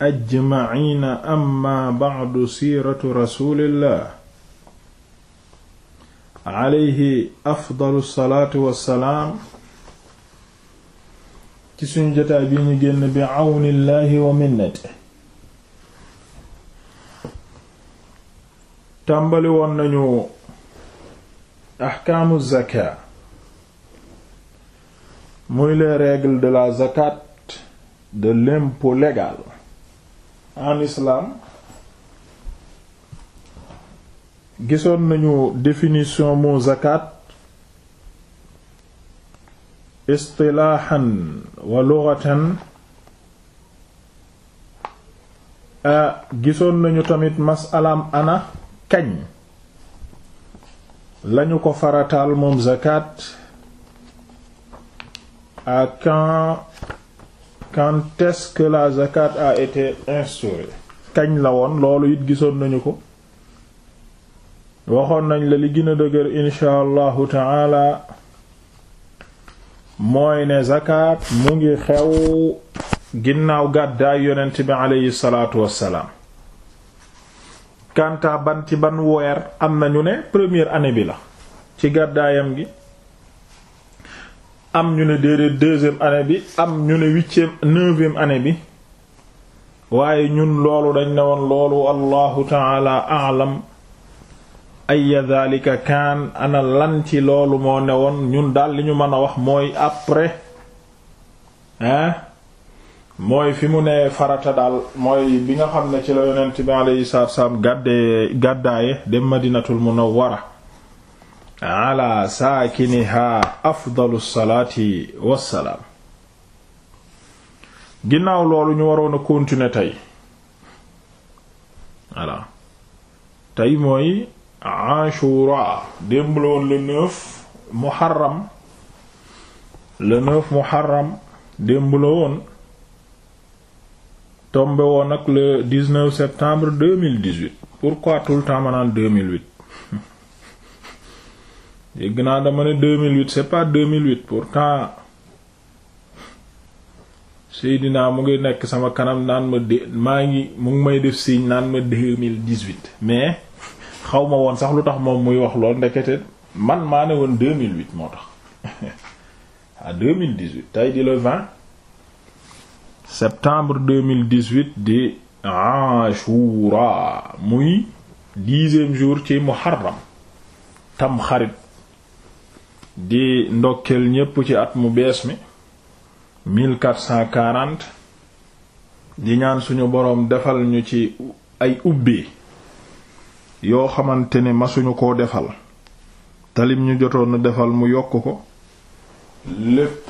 ajmaciina amma bacdu siiratu rasulillah alayhi afdalu salaatu wassalaam ci suñu jotaay bi ñu génn bi awnillahi wa minnati tàmbali woon nañu axkaamu zaka muy les règles de la zakat de l'impôt légal en islam gisoon nañu définition mu zakat istilaahan wa lughatan gisoon nañu tamit masalaam ana kañ lañu ko farataal moom zakat à quand la zakat a été instaurée kañ la woon loolu it gisoon nañu ko waxoon nañ la li gën a dëgër insha allahu taala mooy ne zakat mu ngi xew ginnaaw gàddaay yonent bi aleyhi salaatu wassalaam kanta ban ban weer am nañu ne première année bi la ci gàddaayam gi am ñu ne déedéet deuxième année bi am ñu ne huitième neuvième année bi waaye ñun loolu dañ ne woon loolu wallahu taala alam aya dhalika kaan ana lan ci loolu moo ne woon ñun daal li ñu mën a wax mooy après hein mooy fi mu ne farata daal mooy bi nga xam ne ci la yonent bi alayhi salaatu wa salaam gàddee gàddaaye dem madinatul munawwara ala saakiniha afdalu salaati wassalaam ginnaaw loolu ñu waroon a continuer tey voilà tey mooy Ashura démb la woon le neuf Muharram le neuf Muharram démb la woon tombé woon nag le 19 septembre 2018 pourquoi tout le temps ma naan 2008 yëgg naa dama ne 2008 c'est pas 2008 pourtant Seydina mu ngi nekk sama kanam naan ma de maa ngi mu ngi may def signe naan ma 2018 mais xaw ma woon sax lu tax moom muy wax lool ndekete man maa ne woon 2008 moo tax à 2018 tey di le 20 mille 2018 di Ashura muy dixième jour ci Muharram Tamxarit di ndokkeel ñépp ci at mu bees mi 1440 di ñaan suñu boroom defal ñu ci ay ubbi yoo xamante ne masuñu koo defal talim ñu jotoon defal mu yokk ko lépp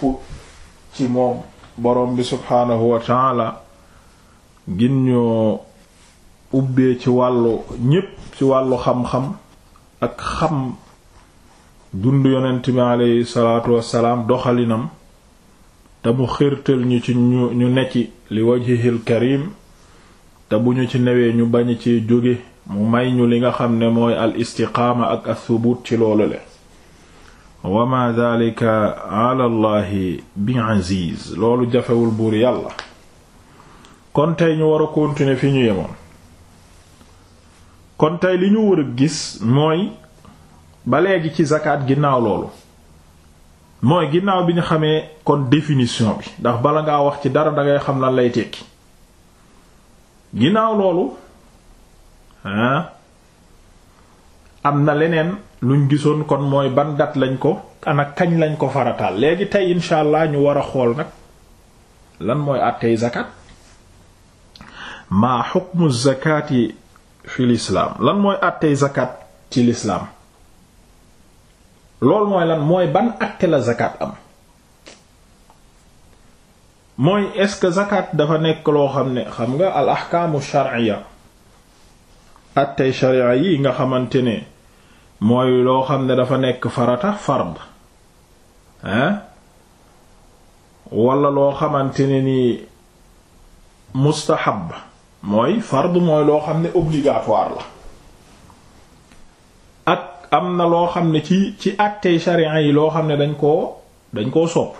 ci moom boroom bi subhaanahu wa taala gin ñoo ubbee ci wàllu ñépp ci wàllu xam-xam ak xam dund yonent bi aleyhi salaatu wassalaam doxalinam te mu xirtal ñu ci li wajhihil karim te bu ñu ci newee ñu bañ ci jóge mu may ñu li nga xam ne mooy al istiqaama ak as-subuut ci loolu le wa daalika ala llahi bi loolu jafewul buur yàlla kon tey ñu war a continuer fi ñu yemoon kon tey li ñu war gis mooy ba léegi ci zakat ginnaaw loolu mooy ginnaaw bi ñu xamee kon définition bi ndax bala ngaa wax ci dara dangay xam lan lay tekki ginnaaw loolu am na leneen luñ gisoon kon mooy ban lañ ko ana kañ lañ ko farataal léegi tey incha allah ñu war a xool nag lan mooy àttey zakat maa xukmu zakati fi lislaam lan mooy àttey zakat ci lislaam loolu mooy lan mooy ban àtte la zakat am mooy est-ce que zakat dafa nekk loo xam ne xam nga al ahkaamu shar'iyya àttey sharia yi nga xamante ne mooy loo xam ne dafa nekk farata fard hein wala loo xamante ne ni mustahab mooy fard mooy loo xam ne obligatoire la am na loo xam ne ci ci àttey sharia yi loo xam ne dañ koo dañ koo sopp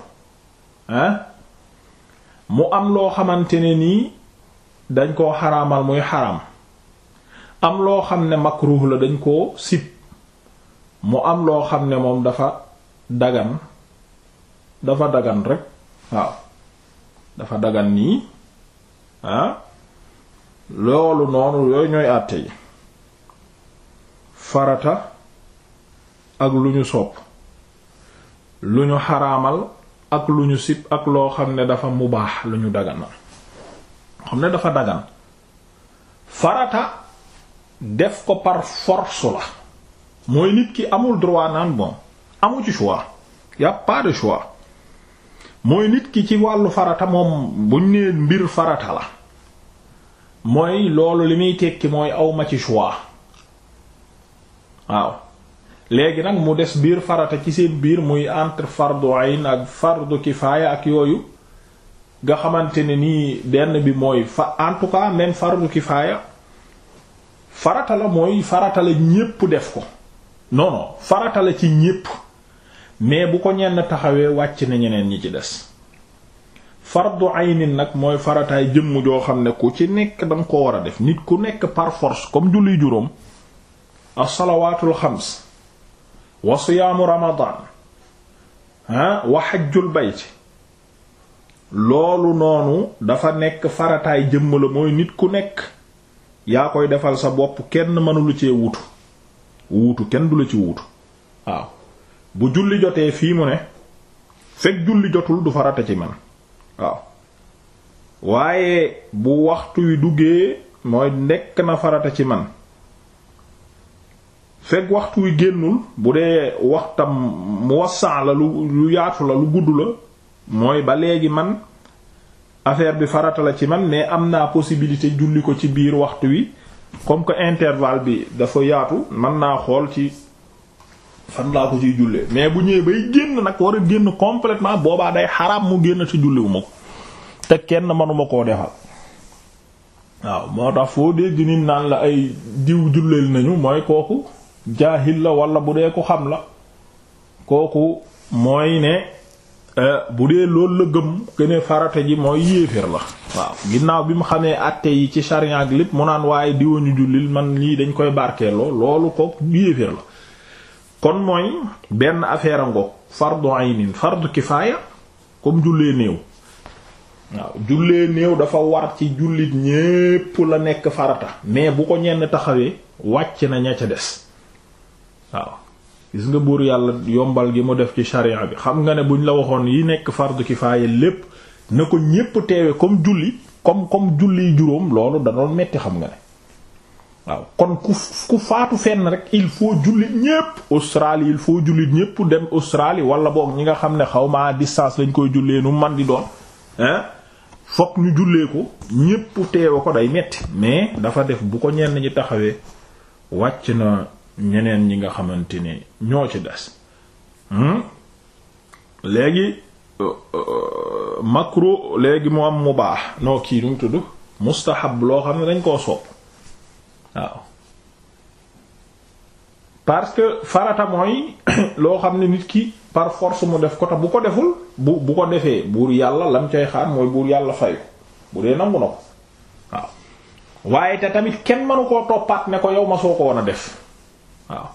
mu am loo xamante ne nii dañ koo xaraamal muy xaraam am loo xam ne makruh la dañ koo sib mu am loo xam ne moom dafa dagan dafa dagan rek waaw dafa dagan nii loolu noonu yooyu ñooy àtte yi farata ak lu ñu sopp lu ñu xaraamal ak lu ñu sib ak loo xam ne dafa mubaax lu ñu daganal xam ne dafa dagan farata def ko par la mooy nit ki amul droit naan bon amu ci choix y a mooy nit ki ci wàllu farata moom buñ nee mbir farata la mooy loolu li muy tekki mooy awma ci choix waaw léegi nag mu des biir farata ci seen biir muy entre fardu ayn ak fardu kifaaya ak yooyu nga xamante ne nii benn bi mooy fa en tout cas même fardu kifaaya farata la mooy farata la ñépp def ko non non farata la ci ñépp mais bu ko ñenn taxawee wàcc na ñeneen ñi ci des fardu aynin nag mooy farataay jëmm joo xam ne ku ci nekk danga ko war a def nit ku nekk par comme julli juróom a salawaatul xams wa siyaamu ramadaan ah wa xajjul bayt loolu noonu dafa nekk farataay jëmm la mooy nit ku nekk yaa koy defal sa bopp kenn mënulu ci wutu wuutu kenn du la ci wuutu waaw bu julli jotee fii mu ne fekk julli jotul du farata ci man waaw waaye bu waxtu wi duggee mooy nekk na farata ci man fekk waxtu wi génnul bu dee waxtam muwassa la lu lu yaatu la lu gudd la mooy ba léegi man affaire bi farata la ci man mais am naa possibilité julli ko ci biir waxtu wi comme que interval bi dafa yaatu man naa xool ci fan laa ko ciy jullee mais bu ñëwee bay génn nag war a génn completement boobaa day xaraam mu génn ci julliwu ma ko te kenn manuma koo defal waaw moo tax foo dégg nit naan la ay diw julleel nañu mooy kooku jaahil la wala bu dee ko xam la kooku mooy ne euh, bu dee loolu la gëm gëne farata ji mooy yéeféer la waaw ginnaaw bi mu xamee àtte yi ci sharia ak lépp mu naan waaye diwañu jullil man lii dañ koy barkeeloo loolu kooku yéeféer la kon mooy benn affaire a ngoog fardu aynin fardu kifaaya comme jullee néew waaw jullee néew dafa war ci jullit ñépp la nekk farata mais bu ko ñenn taxawee wàcc na ña ca des waaw gis nga buur yàlla yombal gi mu def ci sharia bi xam nga ne buñ la waxoon yi nekk fardu kifaaya lépp na ko ñépp comme julli comme julli juróom loolu da doon xam nga ne kon ku faatu fenn rek il faut jullit ñépp Australie il faut jullit ñépp dem Australie wala boog ñi nga xam ne xaw ma distance lañ koy jullee nu man di doon hein ñu jullee ko ñépp teewe ko day metti mais dafa def bu ko ñenn ñi taxawee wàcc na ñeneen ñi nga xamante ni ñoo ci des hmm? léegi euh, euh, makru léegi mu am mubaax noo kii nu mu tudd mustahab loo xam ne dañ koo sopp waaw parce que farata mooy loo xam ne nit ki par force mu def ko tax bu ko deful bu bu ko defee buur yàlla lam cay xaar mooy buur yàlla fayu bu dee nangu na ko waaw waaye te tamit kenn mënu koo toppaat ne ko yow ma soo ko woon a def waaw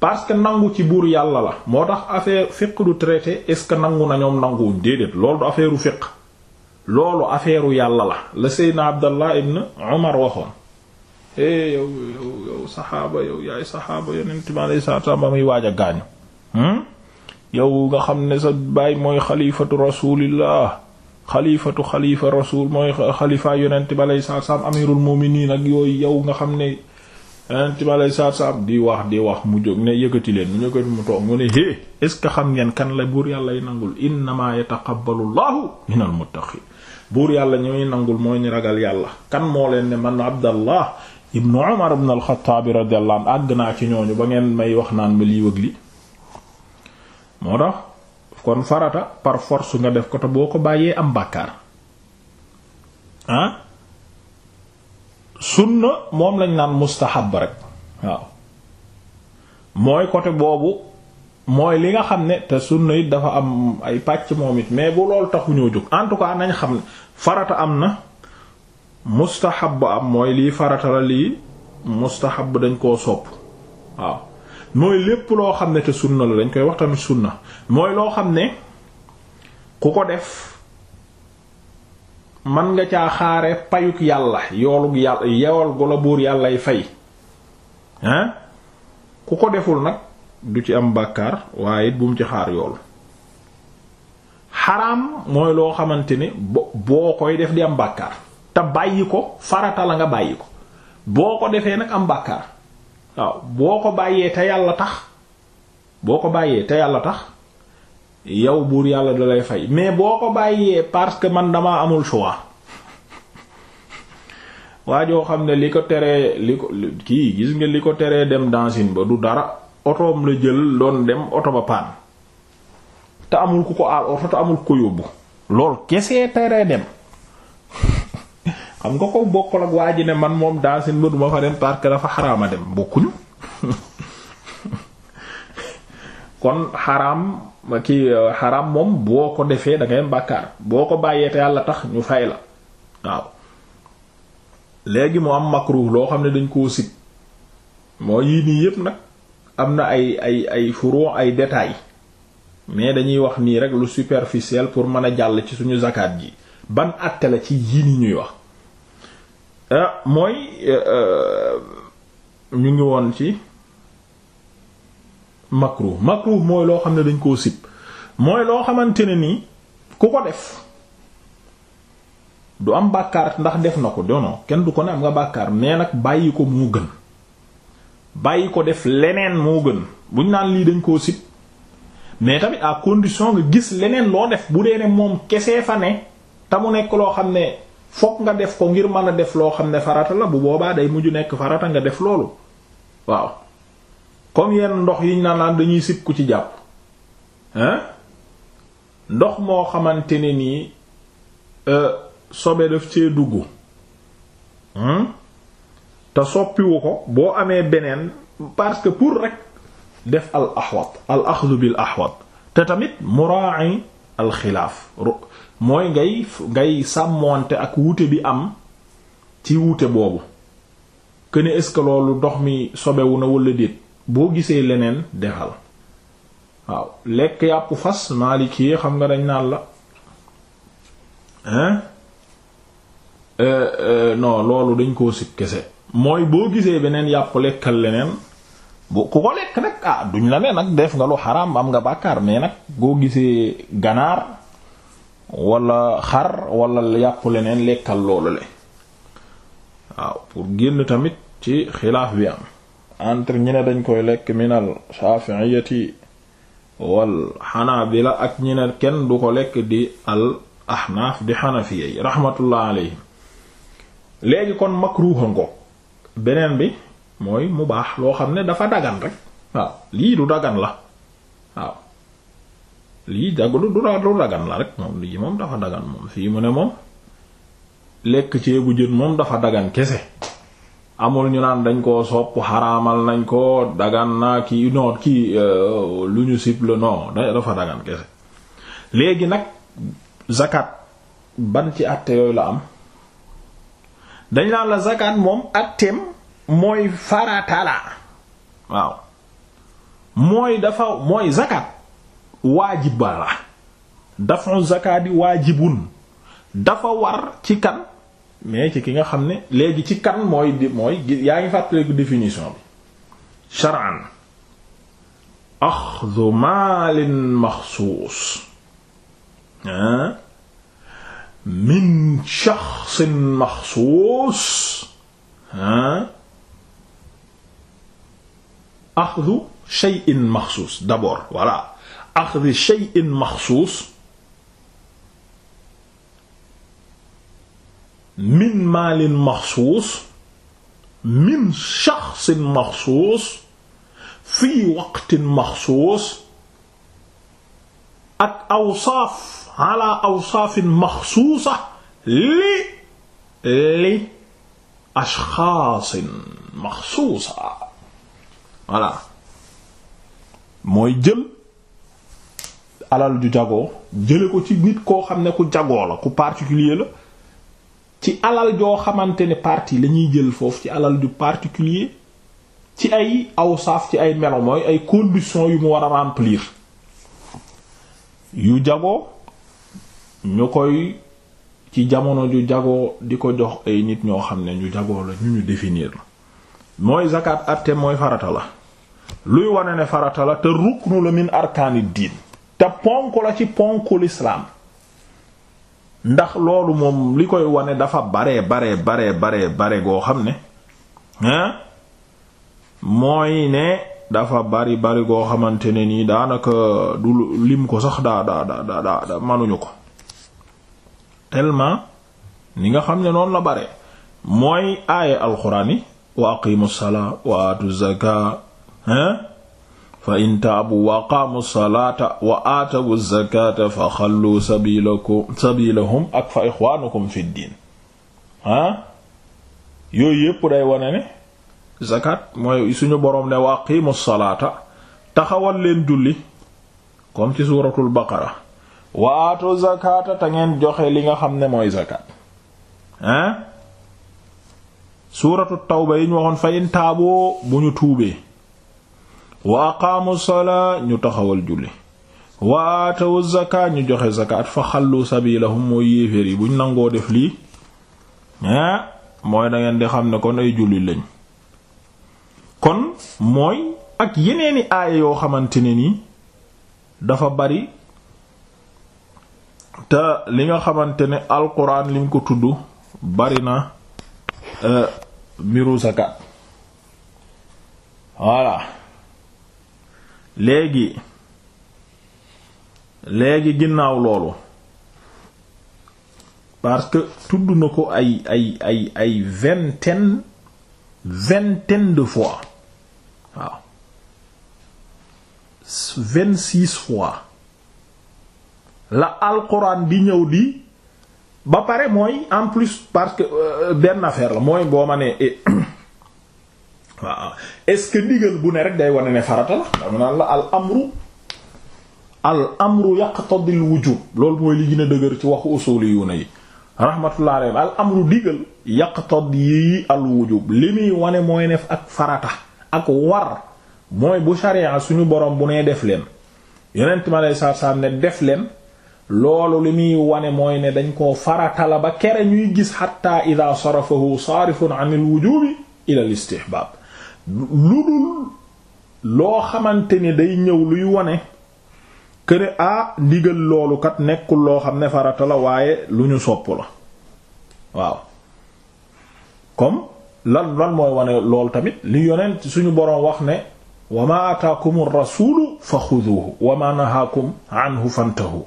parce que nangu ci buur yàlla la moo tax affaire fiqh du traité est ce que nangu na ñoom nanguwuñ déedéet loolu du affaire u fiqh loolu affaire u yàlla la la seydna abdallah ibn omar waxoon eh hmm? nga xam ne sa baay mooy xalifatu rasulillah xalifatu xalifa rasul mooy xalifa yonent bi alayhi salaatu wa ak yooyu yow nga xam ne yonent bi aleyhi salaatu di wax di wax mu jóg ne yëkkati leen mu yëkkati mu toog mu ne hé est ce que xam ngeen kan la buur yàlla yi nangul innamaa yataqabbalu llaahu minal muttaqiin buur yàlla ñooy nangul mooy ni ragal yàlla kan moo leen ne man abdallah ibnu umar ibn alxataabi radiyallahu anhu àgg naa ci ñooñu ba ngeen may wax naan ma lii wëg li moo tax kon farata par force nga def ko te boo ko bàyyee am bàkkaar ah? sunna moom lañ naan mustahab rek waaw mooy côté boobu mooy li nga xam ne te sunna it dafa am ay pàcc moom it mais bu loolu taxu ñoo jóg en tout cas nañ xam ne farata am na mustahab am mooy lii farata la lii mustahab dañ koo sopp waaw mooy lépp loo xam ne te sunna la dañ koy wax tamit sunna mooy loo xam ne ku ko def man nga caa xaare payuk yàlla yoolug yàlla yool gu la buur yàllay fay ah ku ko deful nag du ci am bàkkaar waaye it bu ci xaar yool xaraam mooy loo xamante ni bo boo koy def di am bàkkaar te bàyyi ko farata la nga bàyyi ko boo ko defee nag am bàkkaar waaw boo ko bàyyee te yàlla tax boo ko bàyyee te yàlla tax yow buur yàlla da lay fay mais boo ko bàyyee parce que man damaa amul choix waa joo xam ne li ko teree li ko kii gis nga li ko teree dem dancine ba du dara otoom la jël doon dem oto ba paan te amul ku ko aal oto te amul ku ko yóbbu lool kesee teree dem xam nga ko bokkul ak waa ji ne man moom dancine ba duma fa dem parce que dafa xaraama dem bokkuñu kon xaraam ma ki euh, xaram moom boo ko defee da ngay boo ko bàyyee te yàlla tax ñu fay la waaw léegi mu am makruh loo xam ne dañ koo sib moo yii nii yépp nag am na ay ay ay furu ay détails mais dañuy wax nii rek lu superficiel pour mën a jàll ci suñu zakat ji ban àtte la ci yii nii ñuy wax euh, mooy euh, ñu ngi woon ci makruh makruh mooy loo xam ne dañ koo sib mooy loo xamante ne nii ku ko def du am bàkkaar ndax def na ko dono kenn du ko ne am nga bàkkaar mais nag bàyyi ko moo gën bàyyi ko def leneen moo gën buñ naan lii dañ koo sib mais tamit à condition nga gis leneen loo def bu dee ne moom kese fa ne te mu nekk loo xam ne fokk nga def ko ngir mën a def loo xam ne farata la bu boobaa day mujj nekk farata nga def loolu waaw comme yenn ndox yiñ naan dañuy sib ku ci jàpp hein ndox moo xamante ne nii euh, sobe daf cee dugg te soppiwu ko boo amee beneen parce que pour rek def al ahwat al axdu bil te tamit mura'i al xilaaf mooy ngay ngay sàmmoonte ak wuute bi am ci wuute boobu que ne est-ce que loolu ndox mi sobewu na wala déet boo gisee leneen dexal waaw lekk yàpp fas maaliki xam nga dañ naan la hein euh, euh, no loolu dañ koo si kese mooy boo gisee beneen yàpp lekkal leneen bu ku ko lekk nag ah duñ la ne nag def nga lu xaraam am nga bàkkaar mais nag boo gisee ganaar wala xar wala yàpp leneen lekkal loolu le waaw pour génn tamit ci xilaaf bi am entre ñi ne dañ koy lekk minal shafi'iyati wal xanaabila ak ñi ne kenn du ko lekk di al ahnaaf di xanafiya yi rahmatullah alayhim léegi kon makruuha ko beneen bi mooy mu baax loo xam ne dafa dagan rek waaw lii du dagan la waaw lii daglu du du dagan la rek moom lii moom dafa dagan moom fii mu ne moom lekk ceebu jën moom dafa daggan kese amul ñu naan dañ koo sopp xaramal nañ koo dagan naa kii non kii euh, lu ñu sible non dafa dagan kese léegi nag zakat ban ci àtte yooyu la am dañ naan la zakat moom àtteem mooy faratala waaw mooy dafa mooy zakat waajiba la dafu zakat yi waajibun dafa war ci kan mais ci ki nga xam ne léegi ci kan mooy mooy yaa ngi fàttaliku définition bi shar'an axdu maalin maxsuus min shaxsin maxsuus axdu shay'in maxsuus d'abord voilà axdu shay'in maxsuus min maalin maxsuus min shaxsin maxsuus fii waqtin maxsuus ak awsaaf ala awsaafin maxsuusa li li ashxaasin maxsuusa voilà mooy jël alal ju jagoo jële ko ci nit koo xam ne ku jagoo la ku particulier la ci alal joo xamante ne parti la ñuy jël foofu ci alal du particulier ci ay awsaaf ci ay melo mooy ay conditions yu mu war a remplir yu jago ñu koy ci jamono ju jagoo di ko jox ay nit ñoo xam ne ñu jagoo la ñu ñu définir la mooy zakat atte mooy farata la luy wane ne farata la te ruknu la min arkaani diin te ponk la ci ponku l'islam ndax loolu moom li koy wane dafa bare bare bare bare bare goo xam ne hein mooy ne dafa bari bari goo xamante ne nii daanaka du lim ko sax daa daa da da da manuñu ko tellement ni nga xam ne noonu la bare mooy aaya alxuraan yi wa aqimu salaa wa atu hein fa in wa aqaamu salaata wa aatawu zakata fa xallu sabilakum sabilahum ak fa ixwaanukum fi diin yooyu yépp day wone ne zakat mooy suñu boroom ne wa aqiimu salaata taxawal leen julli kom ci suuratul baqara wa aatu zakata te ngeen joxe li nga xam ne mooy zakat ah suuratu tawba yi waxoon fa in bu ñu tuubee wa aqaamu salaa ñu taxawal julli wa aatawu ñu joxe zakat fa xallu sabilahum mooy yéeféer yi buñ nangoo def lii ah mooy da di xam ne kon ay julli lañ kon mooy ak yeneeni aaya yoo xamante ne ni dafa bari te li nga xamante ne alquran lim ko tudd bari na euh, mbiru zakat voilà léegi léegi ginnaaw loolu parce que tudd na ko ay ay ay ay vingtaine vingtaine de fois waaw vingt six fois la alxuraan di ñëw di ba pare mooy en plus parce que euh, benn affaire la mooy boo ma nee eh, waaw est-ce que ndigal bu ne rek day wane ne farata la dama naan la al amru al amru yaqtadil wujub loolu mooy li gën a dëgër ci waxu usuli yu na yi rahmatullah alayhi al amru digal yaqtadi al wujub li muy wane mooy nef ak farata ak war mooy bu sharia suñu borom bu nee def leen yonent ma lay saar saar ne def leen loolu li muy wane mooy ne dañ koo farata la ba kere ñuy gis xatta ida sarafahu saarifun an al wujubi ila al istihbab lu dul loo xamante ni day ñëw luy wone kër a ah, ndigal loolu kat nekkul loo xam ne farata la waaye lu ñu sopp la waaw comme lan lan mooy wane loolu tamit li yonent suñu boroom wax ne wa ma ataakum rasulu fa xuduhu wa ma nahaakum anhu fantahu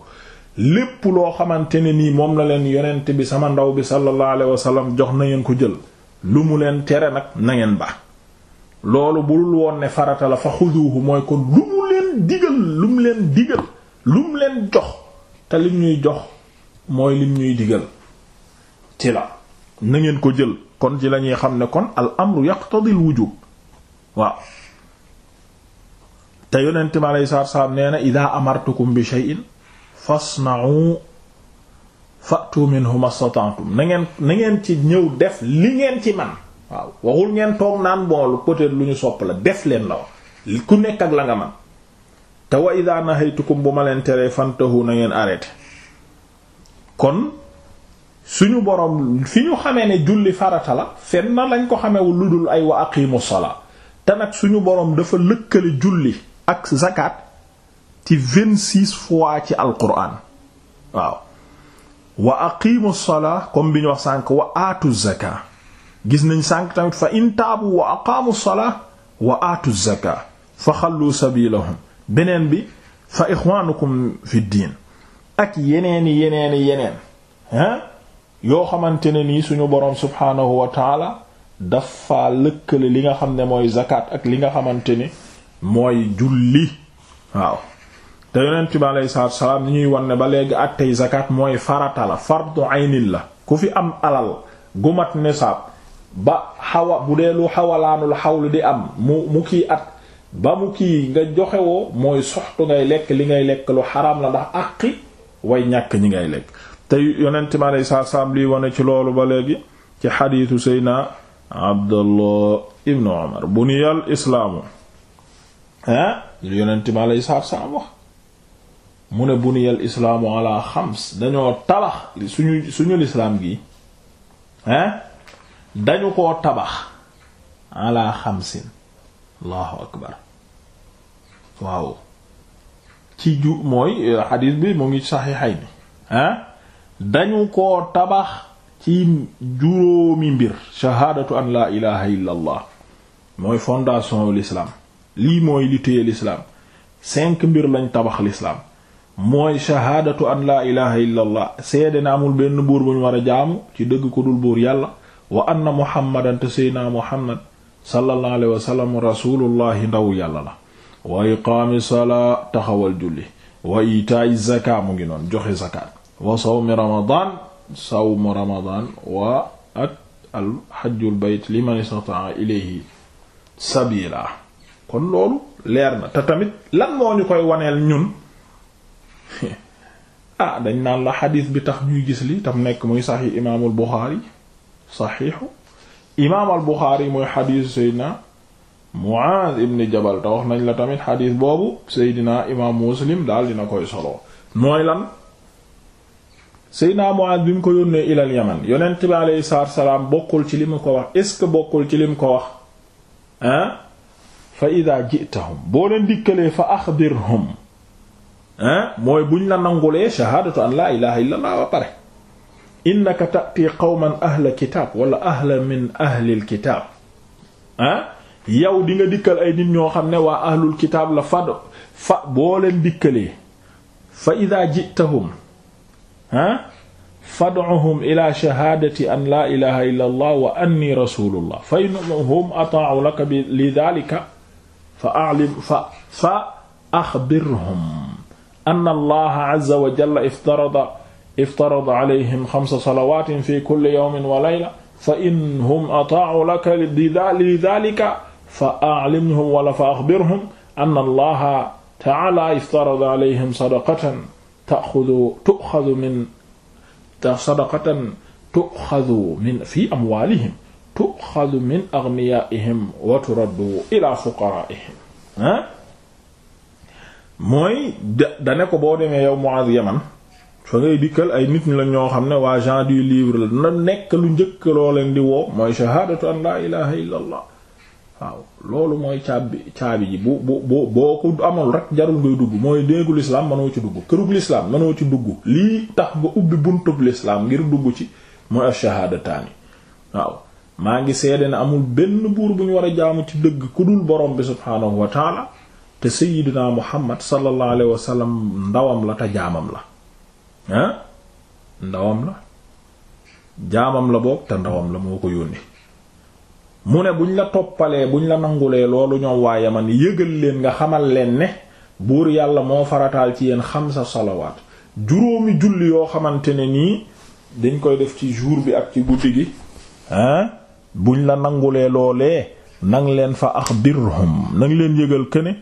lépp loo xamante ne nii moom la leen yonent bi sama ndaw bi sallallahu alayhi wa jox na ngeen ko jël lu mu leen tere nag nangeen ngeen ba loolu budul woon ne farata la fa xuduuhu mooy kon lu mu leen digal lu mu leen digal lu mu leen jox te lim ñuy jox mooy lim ñuy digal ci la na ngeen ko jël kon ci la ñuy xam ne kon al amru yaqtadi al wujub waaw te yonent mi alayhi salaatu salaam nee na idaa amartukum bi shay'in fasna'u fa'tu minhu nangeen na ci ñëw def li ngeen ci man waaw waxul ngeen toog naan boolu peut-être lu ñu sopp la def leen la wax ku nekk ak la nga man te wa idha nahaytukum bu ma leen teree fantahu na ngeen arrêté kon suñu borom fi ñu xamee ne julli farata la fenn lañ ko xamewul lu dul ay wa aqimu salaa te nag suñu boroom dafa lëkkale julli ak zakat ci vingt-six fois ci alquran waaw wa aqimu salaa comme bi ñu wax sànk wa aatu zakat gis nañ sànq tamit fa in taabu wa aqaamu salaa wa aatu zakaa fa xallu sabilahum beneen bi fa ixwaanukum fi diin ak yeneeni yeneeni yeneen ah yoo xamante ne nii suñu boroom subhaanahu wa taala dafa lëkkale li nga xam ne mooy zakat ak li nga xamante ne mooy julli waaw te yonent bi aleyhi salaatu salaam ni ñuy wan ne ba léegi àttey zakat mooy farata la fardu aynil la ku fi am alal gumat nisaab ba xawa bu dee lu xaw xawlu di am mu mu kii at ba mu kii nga joxe woo mooy soxtu ngay lekk li ngay lekk lu xaraam la ndax àqi way ñàkk ñi ngay lekk te yonent mi aleyhi salaatu salaam liy ci loolu ba léegi ci xadiitu seyna abdallah ibnu umar buniyal islaamu ah yonent mi aleyhi salaatu salaam mu ne buniyal islaamu ala xams dañoo tabax suñu suñu lislaam gi ah dañu koo tabax ala xamsin allahu akbar waaw ci ju mooy euh, xadiis bi mu ngi saxiixay ni ah dañu koo tabax ci juróomi mbir shahaadatu an laa ilaha illa mooy fondation l'islam lii mooy li téye l'islam cinq mbir lañ tabax lislaam mooy shahaadatu an laa ilaha illa seede na amul benn buur bu ñu war a jaamu ci dëgg ko dul buur yàlla wa anna muhammadan te seydna muhammad sallallahu alayhi wa sallam rasulullahi ndaw yàlla la wa iqaami salaa taxawal julli wa itaay zaka mu ngi noon joxe zakat wa sawmi ramadan sawmu ramadan wa ak al hajjul bayt liman istata'a ilayhi sabila kon loolu leer na te tamit lan moo ñu koy waneel ñun ah, dañ naan la xadiis bi tax ñuy gis li tam nekk muy saxi imaamul Buxaari saxiixu imaam al Buxaari mooy xadiisu Seydina Muaaz ibn nañ la tamit boobu Seydina daal dina koy solo mooy lan Seydina Muaaz bi mu ko yónnee ilal Yaman yonent bi aleyhi salaatu salaam bokkul ci li mu ko wax est ce bokkul ci li mu ko wax ah fa idaa ji'tahum boo leen dikkalee fa axbirhum ah mooy buñ la nangulee shahaadatu an laa ilaaha illallah wa pare innaka tati qawman ahla kitaab wala ahla min ahlil kitaab ah yow di nga dikkal ay nit ñoo xam ne waa ahlul kitaab la fad fa boo leen dikkalee fa ida jitahum ah fad'uhum ila shahaadati an laa ilaha illa allah wa anni rasulullah fa innahum ataa'u laka bi lidhalika fa a'lim fa fa akhbirhum anna allaha azza wa jalla iftarada iftarada alayhim xamsa salawaatin fi kulli yawmin wa layla fa in hum ataa'u laka li daalika fa a'limhum wala fa axbirhum anna allaha ta'aala iftarada alayhim sadaqatan ta'xudu tu'xadu min sadaqatan tu'xadu min fi amwaalihim tu'xadu min aghniyaa'ihim wa turaddu ilaa fuqaraa'ihim mooy da ne ko boo demee yow Mu'aaz Yaman fa ngay dikkal ay nit ñu la ñoo xam ne waa gens du livre la na nekk lu njëkk loo leen di woo mooy shahaadatu an laa loolu mooy caabi caabi bu bu amul rek jarul ngay dugg mooy néegu lislaam mënoo ci dugg kërug lislaam mënoo ci dugg lii tax ba ubbi buntub lislaam ngir dugg ci mooy ash-shahaadataani waaw maa ngi seede ne amul benn buur bu ñu war a jaamu ci dëgg ku dul borom bi subhaanahu wa taala te sayyidina muhammad sallallahu alayhi wa sallam ndawam la te jaamam la ah ndawam la jaamam la boog te ndawam la moo ko yónni mu ne buñ la toppalee buñ la nangulee loolu ñoom waa Yaman yëgal leen nga xamal leen ne buur yàlla moo farataal ci yéen xamsa salawaat juróomi julli yoo xamante ne nii dañ koy def ci jour bi ak ci guddi gi ah buñ la nangulee loolee nang leen fa axbirhum nang leen yëgal këne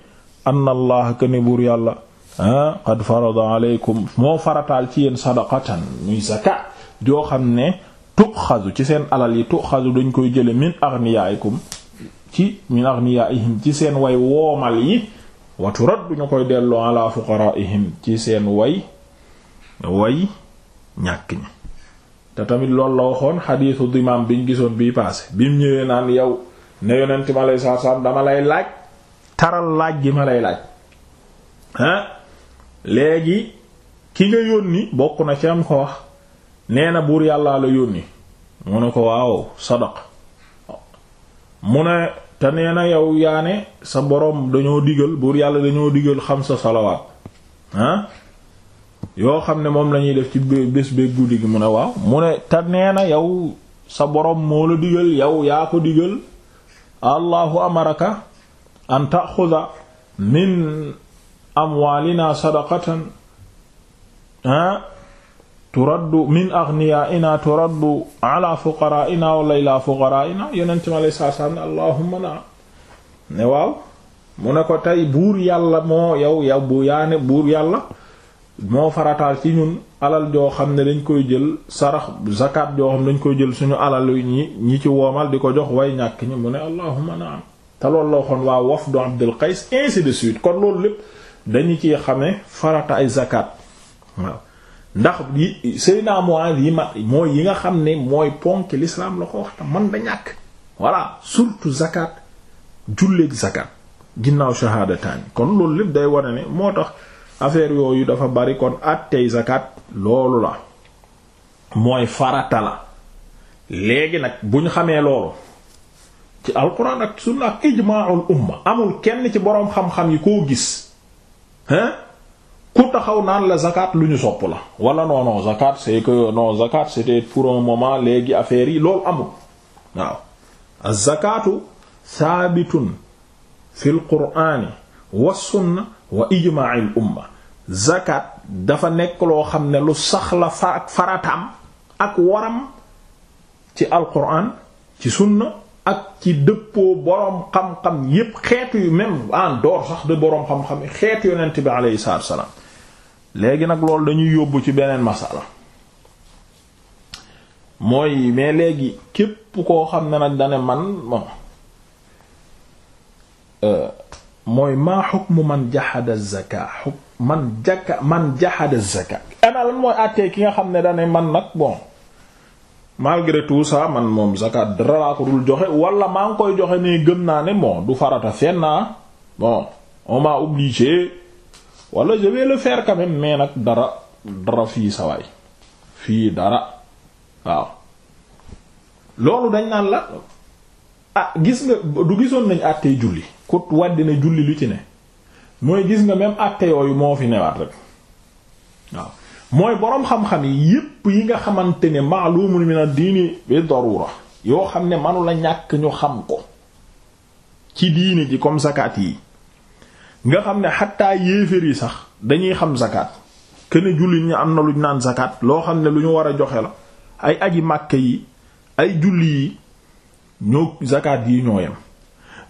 anna allah buur yàlla ah qad farada aleykum moo farataal ci yéen sadaqatan muy zakat joo xam ne tuxazu ci seen alal yi tuxazu dañ koy jële min aghniyaikum ci min aghniyaihim ci seen way woomal yi wa turaddu ñu koy delloo ala fuqaraihim ci seen woy way ñàkk ñi te tamit loolu la waxoon xadiisu dimaam biñ gisoon bii paase bim ñëwee naan yow ne yonent ma lay saa saam dama lay laaj taral laaj gi ma lay laaj léegi ki nga yónni bokk na ci am ko wax nee na buur yàllaa la yónni mu ne ko waaw sadaq mu ne te nee na yow yaane sa boroom dañoo digal buur yàlla dañoo digal xam sa salawaat ah yoo xam ne moom lañuy def ci bés bee guddi gi mu ne waaw mu ne te nee na yow sa boroom moo la digal yow yaa ko digal allahu amaraka an taxuda min amwaalina sadaqatan ah turaddu min aghniyaa'ina turaddu ala fuqaraa'ina wala ila fuqaraa'ina yonent mi alayhi salaam ne allahumma na ne waaw mu ne ko tey buur yàlla moo yow yow bu yaane buur yàlla moo farataal ci ñun alal joo xam ne dañ koy jël sarax zakat joo xam ne dañ koy jël suñu alal yu ñi ñi ci woomal di ko jox way ñàkk ñi mu ne allahumma naam te loolu la waxoon waa wafdu Abdul Qays ainsi de suite kon loolu lépp dañu ci xame farata ay zakat waaw ndax yi Seydina Muaz yi ma mooy yi nga xam ne mooy ponk l'islam la ko wax man da ñàkk voilà surtout zakat julleeg zakat ginnaaw shahaadataan kon loolu lépp day wane ne moo tax affaire yooyu dafa bari kon attey zakat loolu la mooy farata la léegi nag bu xamee loolu ci alquran ak sunna ak ijmaul umma amul kenn ci boroom xam-xam yi koo gis hein ku taxaw naan la zakat lu ñu sopp la wala non non zakat c'est que non zakat c'était pour un moment léegi affaire yi loolu amul waaw az-zakatu saabitun fil qur'ani wa sunna wa ijma'il umma zakat dafa nekk loo xam ne lu sax la fa ak farataam ak waram ci alquran ci sunna ak ci dëppoo boroom xam-xam yépp xeetu yu même en dehors sax de boroom xam-xam yi xeetu yonent bi aleyhi salaatu wa salaam léegi nag loolu dañuy yóbbu ci beneen masala mooy mais léegi képp koo xam ne dane man bon euh, mooy maa xukmu man jaxada man jaka man jaxada zaka ana mooy àttee ki nga xam ne dane man nag bon malgré tout ça man moom zakat dara laa ko dul joxe wala maa ngi koy joxe ne gëm naa ne bon du farata fenn naa ah. bon on m'a obligé wala je la le faire quand même mais nag dara dara fii sawaay fii dara waaw loolu dañ naan la ah gis nga du gisoon nañ àttee julli ku wàddi julli lu ci ne mooy gis nga même àtte yooyu moo fi newaat rek waaw mooy boroom xam-xam yi yépp yi nga xamante ne ma'lumun min ad-diini bi darura yoo xam ne manu la ñàkk ñu xam ko ci diine ji comme zakat yi nga xam ne xattaa yéefér yi sax dañuy xam zakat kene jullit ñi am na luñ naan zakat loo xam ne lu ñu war a joxe la ay aji màkk yi ay julli yi ñoo zakat yi ñoo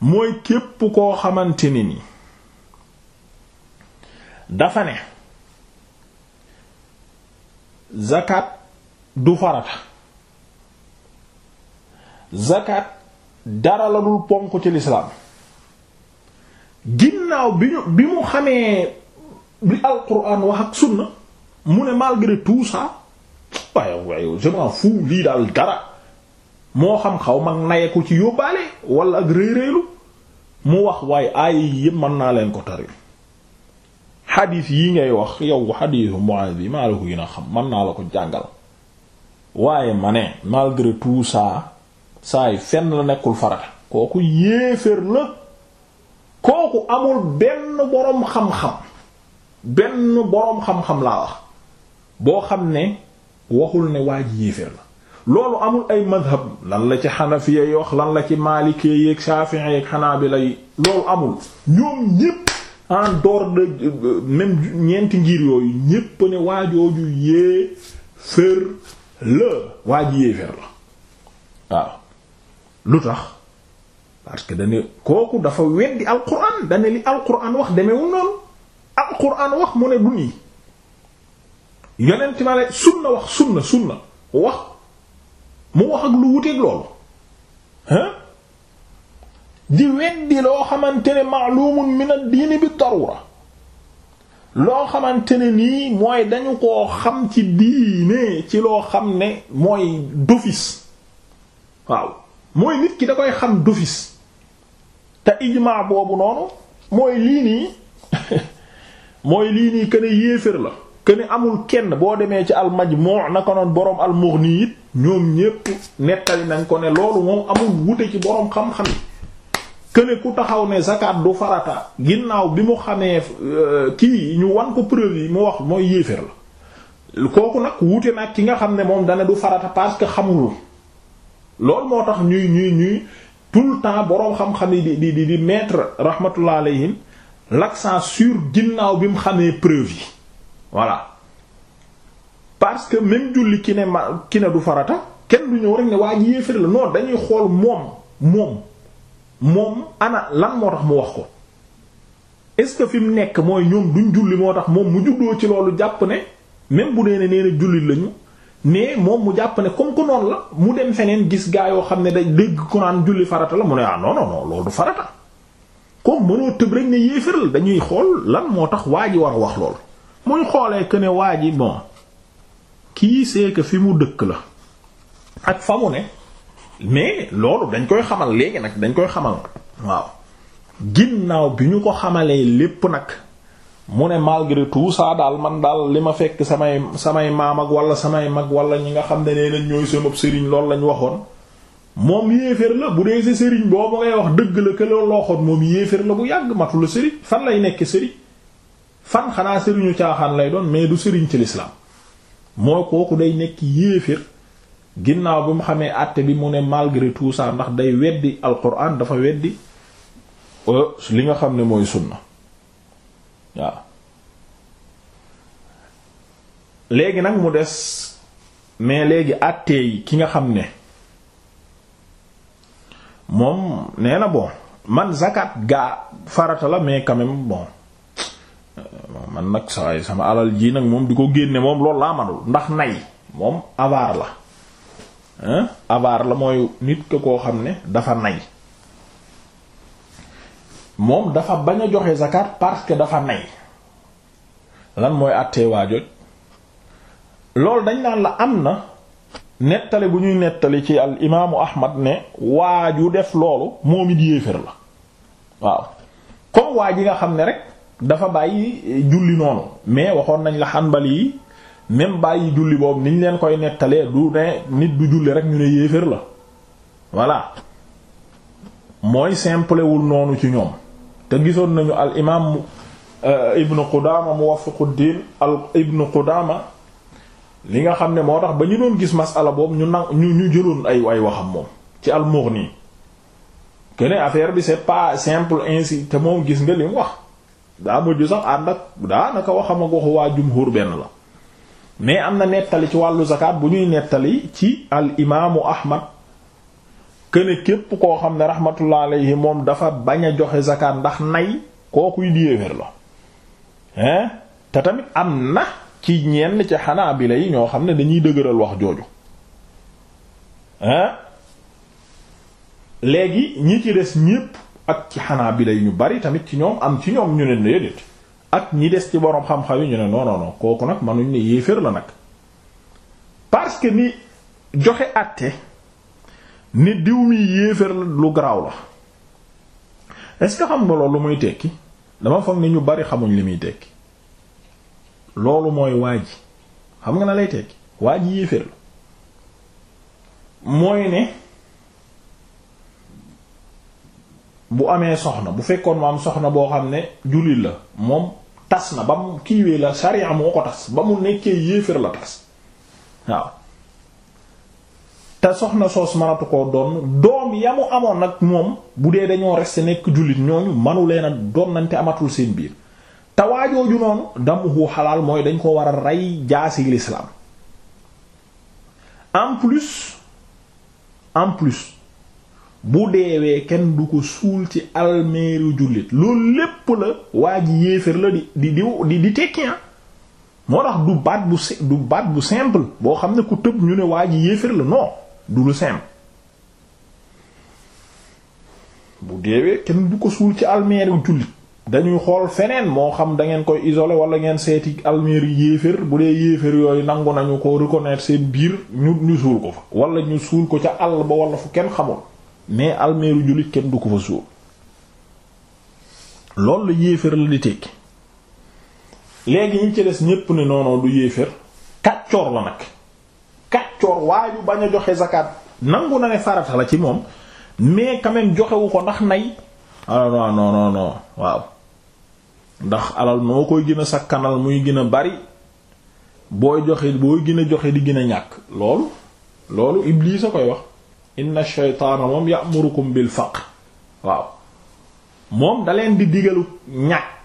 mooy képp koo xamante ne ni dafa ne zakat du farata zakat dara la dul ponk ci lislaam ginnaaw bi ñu bi mu xamee li alquran wax ak sunna mu ne malgré tout ça waaye waaye je m'en fous lii daal dara moo xam xaw mag naye ko ci yóbbaale wala ak réy réylu mu wax waaye aay yépp mën naa leen ko tari xadiis yi ngay wax yow xadiisu Muaaz bi maa la ko gën xam man naa la ko jàngal waaye ma ne malgré tout saa yi fenn la nekkul farata kooku yéeféer la kooku amul benn boroom xam-xam benn boroom xam-xam laa wax boo xam ne waxul ne waa ji yéeféer la loolu amul ay madhab lan la ci xanafiya yi wax lan la ci maalikee yeeg saafi'i yeeg xanaabila yi loolu amul ñoom ñépp en dehors de ñeenti ngir yooyu ñépp ne waajooju yée fér la waa ji yéefér la waaw lu tax parce que dane kooku dafa weddi alquran dane li alquran wax demeewul noonu alquran wax mu ne du nii yonent ma ne sunna wax sunna sunna wax mu wax ak lu wuteeg loolu di weddi loo xamante ne maalumun min ad-diini bi darura loo xamante ne nii mooy dañu koo xam ci diine ci loo xam ne mooy d'office waaw mooy nit ki da koy xam d'office te ijmaa boobu noonu mooy lii nii mooy lii nii kën a yéeféer la kën a amul kenn boo demee ci al-Majmuu naka noon boroom al-Mughni it ñoom ñépp nettali nañ ko ne loolu moom amul wute ci boroom xam-xam yi këne ku taxaw ne zakat du farata ginnaaw bi mu xamee euh, kii ñu wan ko preuve yi mu wax mooy yéeféer la kooku nag wuute nag ki nga xam ne moom dana du farata parce que xamul loolu moo tax ñuy ñuy ñuy tout le temps boroom xam-xam yi di di di mettre rahmatullah alayhim l'accent sur ginnaaw bi mu xamee preuve yi voilà parce que même julli ki ne ma ki ne du farata kenn du ñëw rek ne waa ji yéeféer la non dañuy xool moom moom moom ana lan moo tax mu wax ko est-ce que fi mu nekk mooy ñoom duñ julli moo tax moom mu juddoo ci loolu jàpp ne même bu nee ne nee na jullit lañu mais moom mu jàpp ne comme que noonu la mu dem feneen gis gaa yoo xam ne day dégg ko naan julli farata la mu ne ah non non non loolu du farata comme mënoo tëb ne yéefar dañuy xool lan moo tax waa ji war a wax lool. muy xoolee que ne waa ji bon kii c'est que fi mu dëkk la ak fa mu ne. mais loolu dañ koy xamal léegi nag dañ koy xamal waaw ginnaaw bi ñu ko xamalee lépp nag mu ne malgré tout ça daal man daal li ma fekk samay samay maam ak wala samay mag wala ñi nga xam ne nee nañ ñooy sama sëriñ loolu lañ waxoon moom yéeféer la bu dee sa sëriñ boobu ngay wax dëgg la que loolu la waxoon moom yéeféer la bu yàgg matu la sëriñ fan lay nekk sëriñ fan xanaa sëriñu caaxaan lay doon mais du sëriñ ci l'islam mooy kooku day nekk yéeféer ginnaaw bi mu xamee àtte bi mu ne malgré tout saa ndax day weddi alquran dafa weddi euh, li nga xam ne mooy sunna waaw léegi nag mu des mais léegi àtte yi ki nga xam ne moom nee na bon man zakat gaa farata la mais quand même bon euh, man nag saa sama alal jii nag moom di ko génne moom loolu laa manul ndax nay moom avaar la avare la mooy nit ko koo xam ne dafa nay moom dafa bañ a joxe zakat parce que dafa nay lan mooy àttee waajoj loolu dañ naan la am na nettali bu ñuy nettali ci al imaamu ahmad ne waaju def loolu moom it yéefér la waaw comme waa ji nga xam ne rek dafa bàyyi julli noonu mais waxoon nañ la xanbali yi même bàyyi julli boobu niñ leen koy nettalee du ne nit du julli rek ñu ne yéeféer la voilà mooy simplewul noonu ci ñoom te gisoon nañu al imaam euh, ibnu Qudaama Muwaffaquddin al ibnu Qudaama li nga xam ne moo tax ba ñu doon gis masala boobu ñu nag ñu ñu jëloon ay ay waxam moom ci al Mughni que ne affaire bi c'est pas simple ainsi te moom gis nga li wax daa mujj sax ànd daa daanaka waxam ak waxu waa jumhur benn la. mais am na nettali ci wàllu zakat bu ñuy nettali ci al imaamu ahmad këne képp koo xam ne rahmatullah alayhi moom dafa bañ a joxe zakat ndax nay kookuy diyeefér la hein te tamit am na ci ñenn ci xanaa xanaabila yi ñoo xam ne dañuy dëgëral wax jooju hein léegi ñi ci des ñépp ak ci xanaa xanaabila yi ñu bari tamit ci ñoom am ci ñoom ñu ne déedéet ak ñi des ci borom xam-xam yi ñu ne non non non kooku nag manuñ ne yéeféer la nag parce que ni joxe àtte ni diw mi yéeféer lu garaaw la est-ce que xam nga loolu muy tekki dama foog ni ñu bari xamuñ li muy tekki loolu mooy waa ji xam nga na lay tekki waa yéeféer la mooy ne bu amee soxna bu fekkoon mu am soxna boo xam ne jullit la moom tas na ba mu kiiwee la sharia moo ko tas ba mu nekkee yéefér la tas waaw te soxna soos manatu koo doon doom ya mu amoon nag moom bu dee dañoo reste nekk jullit ñooñu manu leen a doonnante amatul seen biir te waajooju noonu damuhu xalaal mooy dañ ko war a rey jaasi l'islam en plus en plus bu deewee kenn du ko suul ci almeeru jullit loolu lépp la waa ji yéefér la di di di di tekki ah. moo tax du baat bu du simple boo xam ne ku tëb ñu ne waa ji yéefér la noo du lu simple bu deewee kenn du ko suul ci almeeru jullit dañuy xool feneen moo xam da ngeen koy isolé wala ngeen seeti almeeru yéefér bu dee yéefér yooyu nangu nañu ko reconnaître seen biir ñu ñu suul ko fa wala ñu suul ko ca àll ba wala fu kenn xamul mais almeeru jullit kenn du ko fa suul loolu la yéefér la di tekki léegi ñi ci des ñépp ne noonoo du yéefér kàccoor la nag kàccoor waaju bañ a joxe zakat nangu na ne la ci moom mais quand joxewu ko ndax nay ah waaw ndax alal noo koy gën a sakkanal muy gën a bari booy joxe booy gën a joxe di gën a ñàkk loolu loolu Iblis a koy wax inna shaytaana moom ya'murukum bil faqr waaw moom da leen di digalu ñàkk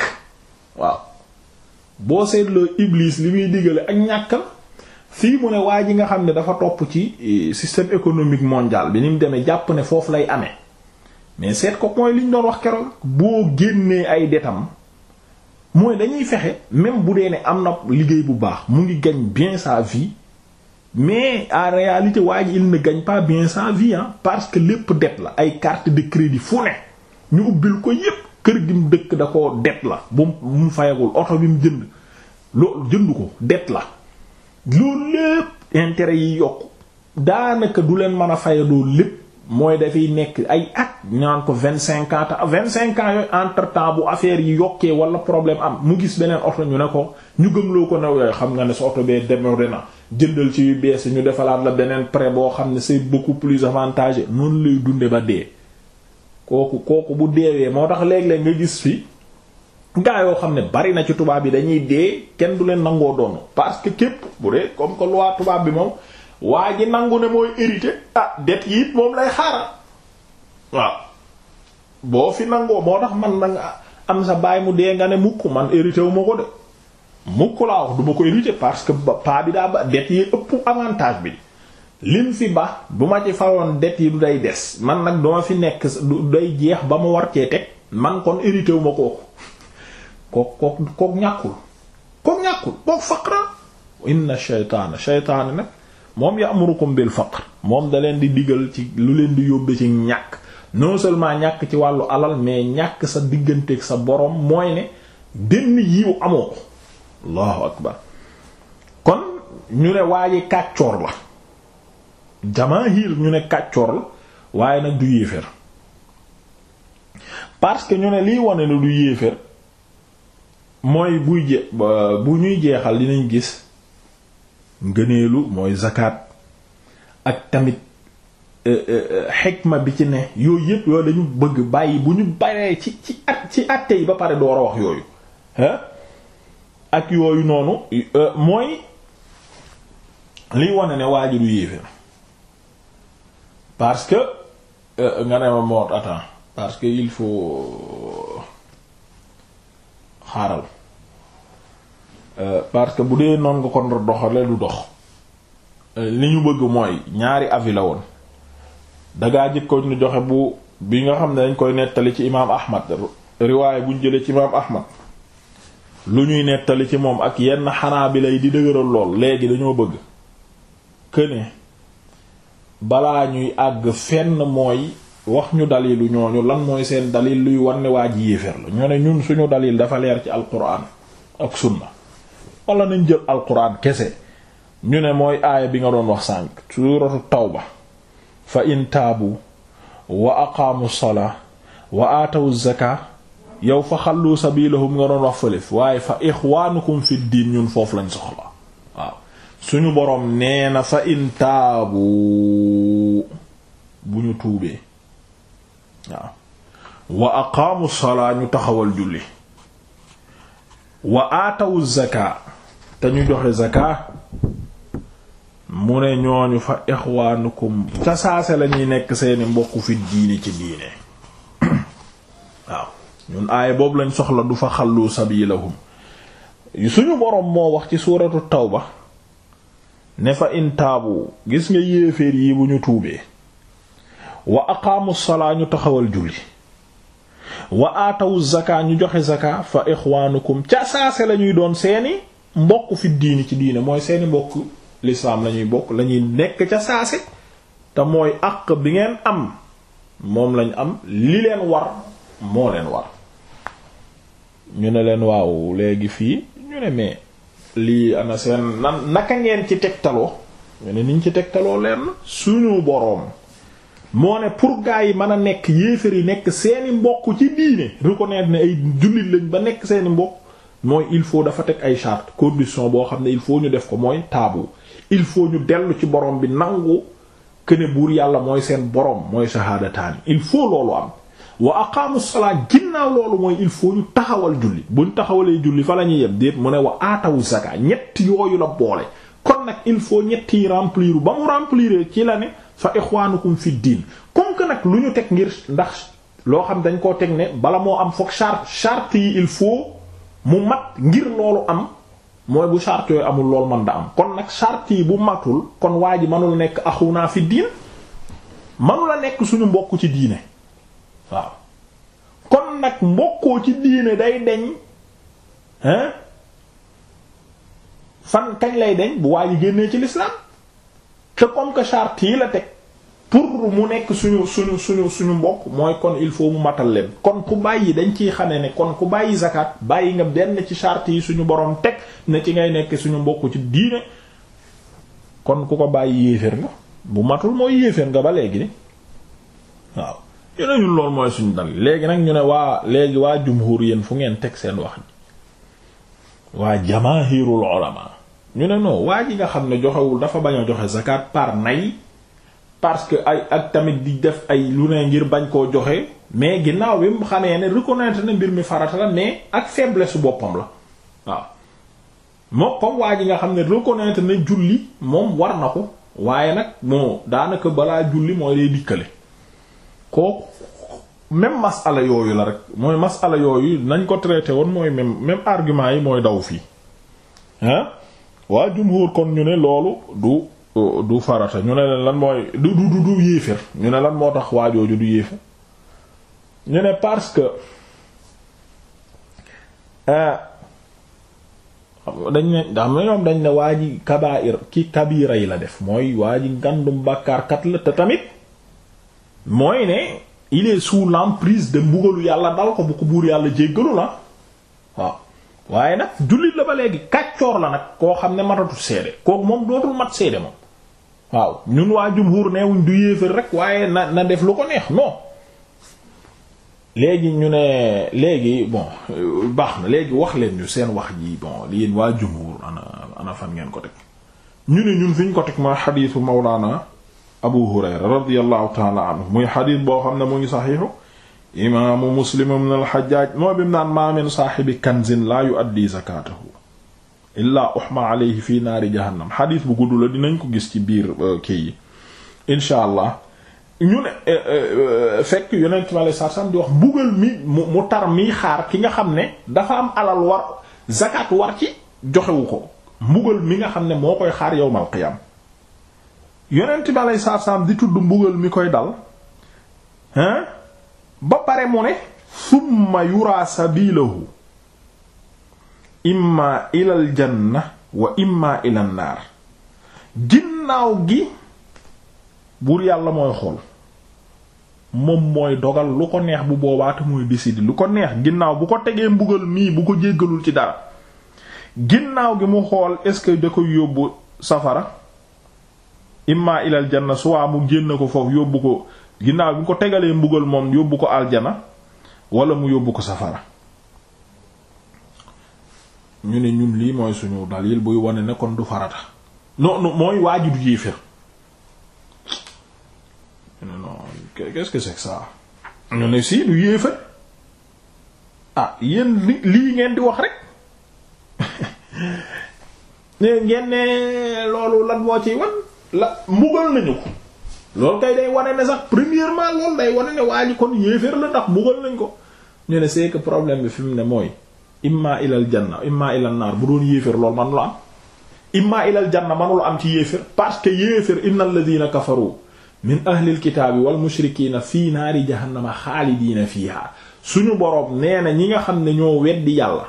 waaw boo seetloo iblis li muy digale ak ñàkkal fii mu ne waa ji nga xam ne dafa topp ci e, système économique mondial bi ni mu demee jàpp ne foofu lay amee mais seet ko mooy li ñu doon wax keroog boo génnee ay detam mooy dañuy fexe même bu dee ne am na liggéey bu baax mu ngi gagne bien sa vie mais à réalité waa ji il ne gagne pas bien sa vie parce que lépp dette la ay carte de crédit fu ne ñu ubbil ko yépp kër gi mu dëkk da ko det la bu mu fayagul oto bi mu jënd loolu jënd ko det la loolu lépp intérêt yi yokk daanaka du leen man a fayadoo lépp mooy dafay nekk ay at ñaan ko vingt cinq ans ta vingt cinq yooyu entre temps bu affaire yi yokkee wala problème am mu gis beneen oto ñu ne ko ñu gëmloo ko new yooyu xam nga ne sa oto bee démodé na jëndal ci yu bees ñu defalaat la beneen prêt boo xam ne c'est beaucoup plus avantageux noonu lay dunde ba dee kooku kooku bu deewee moo tax léeg-léeg nga gis fi gaa yoo xam ne bari na ci tubaab yi dañuy dee kenn du leen nangoo doon parce que képp bu dee comme que loi tubaab bi moom waa ji nangu ne mooy hérité ah det yi it moom lay xaaral waaw boo fi nangoo moo tax man na nga ah, am sa baay mu dee nga ne mukk man hérité wu ma ko de mukk laa wax du ma ko hérité parce que paa bi daa ba det yi ëpp avantage bi lim fi ba bu ma ci faroon det yi du day des man nag duma fi nekk du day jeex ba mu war cee teg man kon hérité wu ma kooku kook kook ñàkkul kook ñàkkul kook faqra inna shaytaana shaytaana nag moom ya'murukum bil faqr moom da leen di digal ci lu leen di yóbbe ci ñàkk non seulement ñàkk ci wàllu alal mais ñàkk sa digganteeg sa borom mooy ne benn yiw amoo ko allahu akbar kon ñu ne waaye kàccoor la jamaahir ñu ne kàccoor la waaye nag du yéeféer parce que ñu ne lii wane ne du yéeféer mooy buy je bu ñuy jeexal dinañ gis ngëneelu mooy zakat ak tamit eh, eh, xikma bi ci ne yooyu yépp yooyu dañu bëgg bàyyi bu ñu baree ci ci at ci àtte yi ba pare door a wax yooyu ak yooyu noonu euh, mooy liy wane ne waa ji parce que euh, nga ne ma moot attends parce que il faut xaaral euh, parce que bu dee noon nga kon doxale du dox li ñu bëgg mooy ñaari avis la woon dangaa jëkkoon joxe bu bi nga xam ne dañ koy nettali ci imaam Ahmad riwaaye buñ jëlee ci imaam Ahmad lu ñuy nettali ci moom ak yenn xanaabila yi di dëgëral lool léegi dañoo bëgg këne balaa ñuy àgg fenn mooy wax ñu dalilu ñooñu lan mooy seen dalil luy wan ne waa ji yéeféer la ñoo ne ñun suñu dalil dafa leer ci alquran ak sunna wala nañ jël alquran kese ñu ne mooy aaya bi nga doon wax sànq suratu tawba fa in taabu wa aqaamu sola wa aatawu zaka yow fa xallu sabilahum nga doon wax fëlef waaye fa ixwaanukum fi diin ñun foofu lañ soxla waaw suñu boroom nee na fa in bu ñu tuubee waaw wa aqaamu salaa ñu taxawal julli wa aatawu zaka te ñu joxe zaka mu ne ñooñu fa ixwaanukum ca saase lañuy nekk seeni mbokk fi ci diine waaw ñun aaya boobu lañ soxla du fa xallu sabilahum suñu boroom moo wax ci suuratu ba ne fa intaabu gis nga yéeféer yi bu ñu tuubee wa aqaamu salaa ñu taxawal julli wa aatawu zaka ñu joxe zaka fa ixwaanukum ca saase la doon seeni mbokk fi diini ci diine mooy seeni mbokk lislaam lañuy bokk lañuy ñuy nekk ca saase te mooy àq bi ngeen am moom lañ am li leen war moo leen war ñu ne leen waaw léegi fii ñu ne mais lii ana seen nan naka ngeen ci tegtaloo ñu ne niñ ci tegtaloo leen suñu boroom moo ne pour gaa yi mën a nekk yéefar yi nekk seeni mbokk ci diine reconnaître ne ay jullit lañ ba nekk seeni mbokk mooy il faut dafa teg ay charte condition boo xam ne il faut ñu def ko mooy taabu il faut ñu dellu ci borom bi nangu këne buur yàlla mooy seen borom mooy shahaadataani il faut loolu am wa aqaamu salaa ginnaaw loolu mooy il faut ñu taxawal julli buñ taxawalee julli fa la ñuy yem déet mu ne wa aatawu zakat ñett yooyu la boole kon nag il faut ñetti yi remplir ba mu remplir ci la ne fa ixwaanukum fi diin kon que nag lu ñu teg ngir ndax loo xam dañ koo teg ne bala moo am foog charte charte yi il faut mu mat ngir loolu am mooy bu charte yooyu amul lool man da am kon nag charte yi bu matul kon waa ji mënul nekk axunaa fi diin mënula nekk suñu mbokk ci diine waaw kon nag mbokkoo ci diine day deñ hein fan kañ lay deñ bu waa yi génnee ci l'islam te comme que charte yi la teg pour mu nekk suñu suñu suñu suñu mbokk mooy kon il faut mu matal leen kon ku bàyyi dañ ci xamee ne kon ku bàyyi zakat bàyyi nga benn ci charte yi suñu borom teg ne ci ngay nekk suñu mbokk ci diine kon ku ko bàyyi yéeféer nga bu matul mooy yéeféer nga ba léegi ni waaw ñu ne ñun loolu mooy suñu dal léegi nag ñu ne waa léegi waa jumhur yéen fu ngeen teg seen wax waa jamaahirul ulama ñu ne noo waa ji nga xam ne joxewul dafa bañ a joxe zakat par nay parce que ay ak tamit di def ay lu ne ngir bañ koo joxe mais ginnaaw bi mu xamee ne reconnaître ne mbir mi farata la mais ak faiblesse boppam la waaw moo comme waa ji nga xam ne reconnaître na julli moom war na ko waaye nag moo daanaka balaa julli mooy lay dikkale kooku même masala yooyu la rek mooy masala yooyu nañ ko traité woon mooy même même argument yi mooy daw fii ah waa jumhur kon ñu ne loolu du euh, du farata ñu ne leen lan mooy du du du yéefér ñu ne lan moo tax waajooju du yéefér ñu ne parce que euh, dañ ne xam na ñoom dañ ne waa ji kabair ki kabira yi la def mooy waa ji ngàndum bàkkaarkat la te tamit mooy ne il est sous de mbugalu yàlla dal ko bu ko buur yàlla jéggalu la waaw waaye nag jullit la ba léegi kàccoor la nag koo xam ne matatu seede kook moom dootul mat seede moom waaw ñun waa jumhur neewuñ du yéefar rek waaye na def lu ko neex non léegi ñu ne léegi bon euh, baax na léegi wax leen ñu seen wax ji bon yéen waa jumhur ana ana fan ngeen ko teg ñu ne ñun fi ñu ko teg ma xadiisu Mawlaana abu hurayra radiallahu taala anhu muy xadiis boo xam ne mu ngi saxiixu imaamu muslim ibn al-hajjaaj moo bim naan maa min saaxibi kanzin laa yu'addi zakaatahu illaa uxma alayhi fi naari jahannam xadiis bu gudd dinañ ko gis ci biir uh, kii yi incha allah ñu ne eh, eh, fekk yonent mi alei mu tar mi xaar ki nga xam ne dafa am alal war zakat war ci joxewu ko mbugal mi nga xam ne moo koy xaar yowmal qiyaam yonent bi alay salaam di tudd mbugal mi koy dal hein ba pare mu ne summa yuraa sabilahu imma ilal janna wa imma ilal naar ginnaaw gi buur yàlla mooy xool moom mooy dogal lu ko neex bu boobaate mooy décider lu ko neex ginnaaw bu ko tegee mbugal mii bu ko jéggalul ci dara ginnaaw gi mu xool est-ce que da koy yóbbu safara imma ilal janna suwaa mu génn ko foofu yóbbu ko ginnaaw bi ko tegalee mbugal moom yóbbu ko aljana wala mu yóbbu ko safara ñu ne ñun lii mooy suñu dalil buy wane ne kon du farata non non mooy waaju du yéefér ñu ne ngeen di wax rek ngeen ne loolu lan moo ciy wan la mbugal nañu ko loolu kay day wane ne sax premièrement loolu day wane ne waa kon yéeféer la ndax mbugal nañ ko ñu ne c'est problème bi fi mu ne mooy imma ilal janna imma ilal naar bu doon yéeféer loolu man la am imma ilal janna manula am ci yéefér parce que yéefér inna alladina kafaru min ahli lkitaabi wal mushrikiina fii naari jahannama xaalidiina fiiha suñu boroom nee na ñi nga xam ne ñoo weddi yàlla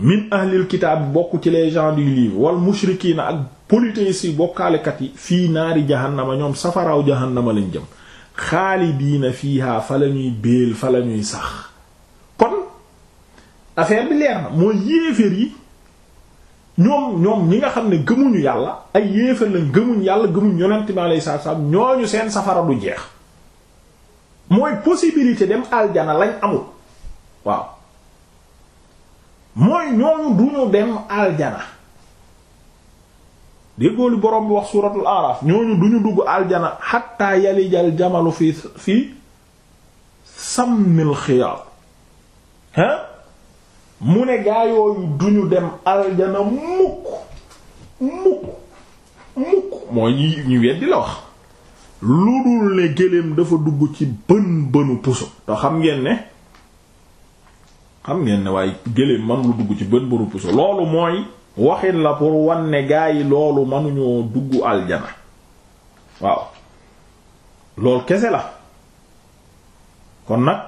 min ahli lkitaab bokk ci les gens du livre polythéistes yi bokkaalekat yi fii naari jahannama ñoom safaraaw jahannama lañ jëm xaalidiina fiiha fa la ñuy béel fa la ñuy sax kon affaire bi leer na mooy yéeféer yi ñoom ñoom ñi nga xam ne gëmuñu yàlla ay yéeféer lañ gëmuñ yàlla gëmuñ yonent bi alayhi salaatu ñooñu seen safara du jeex mooy possibilité dem aljana lañ amul waaw mooy ñooñu duñu dem aljana déggoo li borom bi wax suuratul aaraaf ñooñu du ñu dugg aljana xatta yalijal jamalu fi fi sàmmil xiyaal hein mu ne gaa yooyu dem aljana mukk mukk mukk mooy ñi ñu weddi la wax lu dul ne géléem dafa dugg ci bën bënu puso te xam ngeen ne xam ngeen ne waaye géléem man dugg ci bën bënu puso loolu mooy waxin la pour wan ne gaa yi loolu mënuñoo dugg aljana waaw loolu kese la kon nag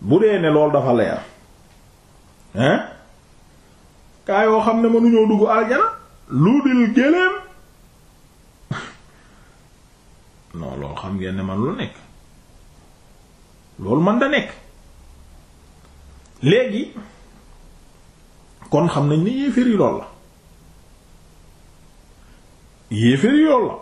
bu dee ne loolu dafa leer hein gaa yoo xam ne mënuñoo dugg aljana lu dil géléem non loolu xam ngeen ne man lu nekk loolu man da nekk léegi kon xam nañ ne yéeféer yi lool la yéeféer yi lool la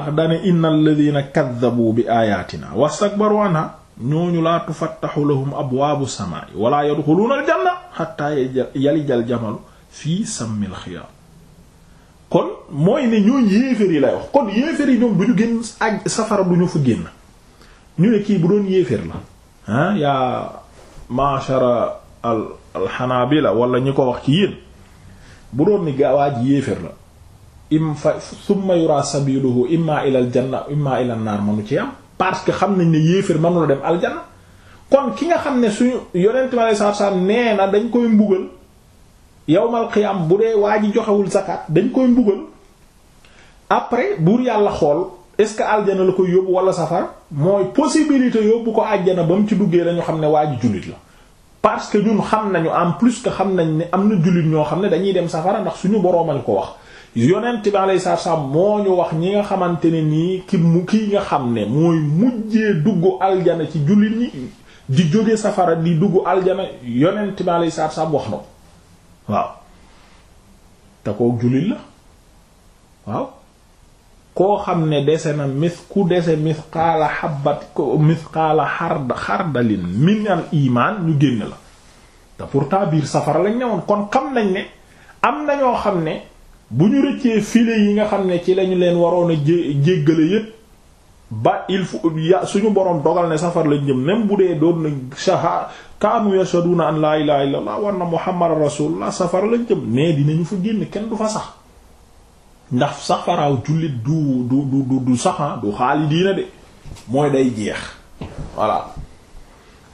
ndax dane inna alladina kaddabu bi ayatina wastakbaru anha ñooñu laa tufattaxu lahum abwaabu samaai wala yadxuluuna fii sammil xiyaar kon mooy ne ñooñ yéeféer yi lay wax kon yéeféer yi ñoom du ñu génn ak safara du ñu fa génn ñu ne kii bu doon yéeféer la ah yaa mashara al alxanaabila wala ñi ko wax ci yéen bu doon ni gaawaaj yéefér la im fa summa yura sabiluhu imma ila aljanna imma ila naar manu ci am parce que xam nañ ne yéefér manu la dem aljanna kon ki nga xam ne suñu yonent mi alei satu salaam nee na dañ koy mbugal yowmal qiyam bu dee waa ji joxewul zakat dañ koy mbugal après buur yàlla xool est-ce que aljana la koy yóbbu wala safara mooy possibilité yóbbu ko àjjana ba mu ci duggee lañu xam ne waa ji jullit la parce que ñun xam nañu en plus que xam nañ ne am na jullit ñoo xam ne dañuy dem safara ndax suñu boroomal ko wax yonent bi alayhi salaam moo ñu wax ñi nga xamante ne nii ki mu kii nga xam ne mooy mujjee dugg aljana ci jullit ñi di jóge safara di dugg aljana yonent bi alayhi salaam wax na ko waaw te kook jullit la waaw koo xam ne dese na mis ku dese misqaala xabat ko misqaala xarda xardalin min imaan ñu génn la te pourtant biir safara lañ ne woon kon xam nañ ne am na ñoo xam ne bu ñu rëccee filets yi nga xam ne ci lañu leen waroon a jé jéggale yépp ba il faut ya suñu boroom dogal ne safara lañ jëm même bu dee doon nañ shaha kaanu yashaduna an laa ilaha illa war na anna muhammadan rasulullah safar lañ jëm mais dinañu fa génn kenn du fa sax ndax safaraaw jullit du du du du saxan ah, du xaali diina de mooy day jeex voilà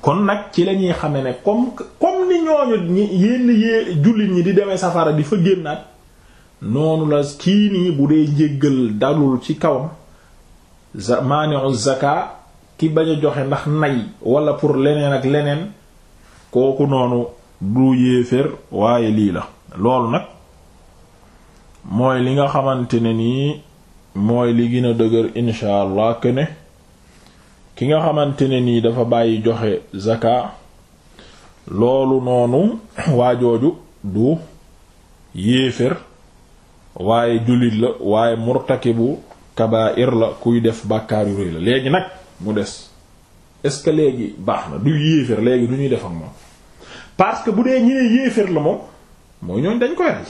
kon nag ci la ñuy xame ne comme comme ni ñooñu ñi yenn yee jullit ñi di deme safara di fa génnaat noonu la kii nii bu dee njéggal dalul ci kawam mani'u zaka ki bañ a joxe ndax nay wala pour leneen ak leneen kooku noonu du yéeféer waaye lii la loolu nag mooy li nga xamante ne nii mooy li gën a dëgër incha allah ki nga xamante ne nii dafa bàyyi joxe zaka loolu noonu waajooju du yéefér waaye jullit la waaye murtakibu kabaa'ir la kuy def bàkkaar yu rëy la léegi nag mu des est-ce que léegi baax na du yéefér léegi du ñuy def moom parce bu dee ñi ne la moom mooy ñooñ dañ koy rey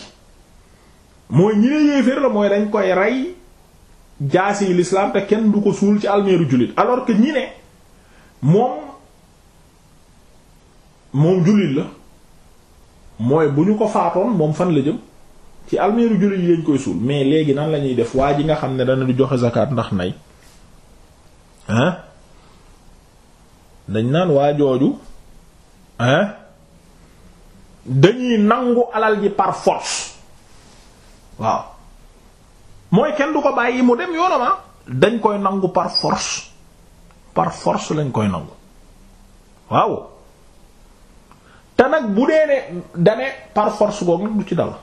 mooy ñi ne yéeféer la mooy dañ koy rey jaasi yi l'islam te kenn du ko suul ci almeeru jullit alors que ñi ne moom moom jullit la mooy bu ñu ko faatoon moom fan la jëm ci almeeru jullit yi lañ koy suul mais léegi nan la ñuy def waa ji nga xam ne dana du joxe zakat ndax nay ah dañ naan waa jooju ah dañuy nangu alal ji par waaw mooy kenn du ko bàyyi mu dem yoonama ah. dañ koy nangu par force par force lañ koy nangu waaw te nag bu dee ne dane par force boog nag du ci dal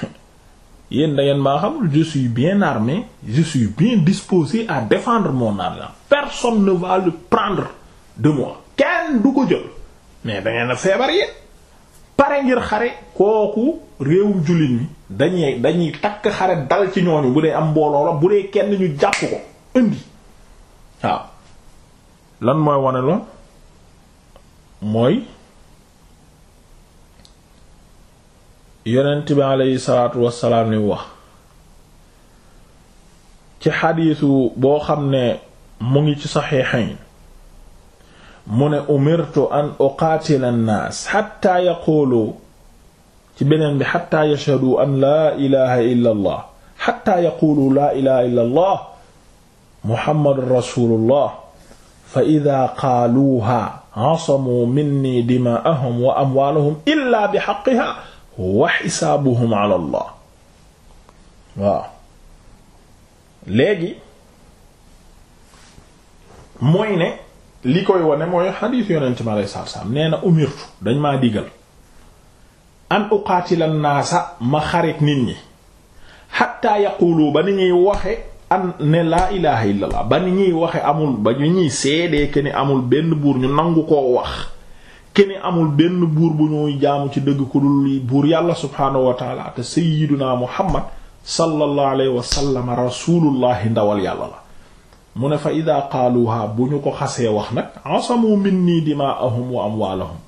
yéen da ngeen maa xamul je suis bien armé je suis bien disposé à défendre mon argent personne ne va prendre de moi kenn du ko jël mais da ngeen feebar yi pare ngir xare kooku réewum jullit mi dañuy dañuy takk xare dal ci ñooñu bu dee am mbooloola bu dee kenn ñu jàpp ko indi waaw lan mooy wane la mooy yonent bi aleyhi salaatu wassalaam li wax ci xadiisu boo xam ne mu ngi ci saxiixayn mu ne umirtu an uqaatila annaas xatta yaquulu ci beneen bi xatta yashhadu an laa ilaha illa allah xatta yaquulu laa ilaha illa allah muhammadun rasulullah fa ida qaaluuha asamuu minni dimaa'ahum wa amwaalahum illaa bi xaqiha wa xisaabuhum ala allah waaw léegi mooy ne li koy wane mooy xadiis yonent ma lay sarsam nee na umirtu dañ maa digal an uqaatila naasa ma xarit nit ñi xatta yaqulu ba ni ñuy waxe an ne laa ilaha illallah ba ni ñuy waxe amul ba ñu ñuy seedee ke ni amul benn buur ñu nangu koo wax ke amul benn buur bu ñuy jaamu ci dëgg ku dul buur yàlla subhaanahu wa taala te sayyiduna muhammad sallallahu alayhi wa sallam ndawal yàlla la mu ne fa ida qaaluha bu ñu ko xasee wax nag nii asamu minni dimaahum am amwaalahum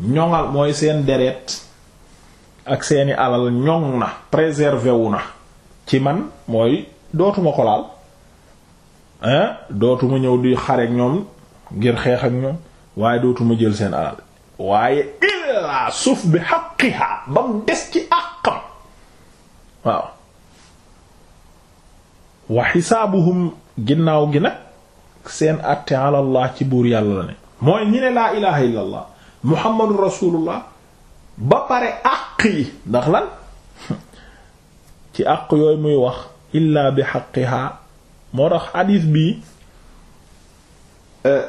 ñoŋal mooy seen deret ak seeni alal ñoŋ na préservé wu na ci man mooy dootuma ko laal dootuma ñëw di xareek ñoom ngir xeex ak ñoom waaye dootuma jël seen alal waaye illaa suuf bi xaqiha ba mu des ci àqam waaw wa xisaabuhum ginnaaw gi nag seen àtte alallah ci buur yàlla la ne mooy ñi ne laa ilaha illa muhammadu rasulullah ba pare àq yi ndax lan ci àq yooyu muy wax illaa bi xaqiha moo tax hadith bii eh,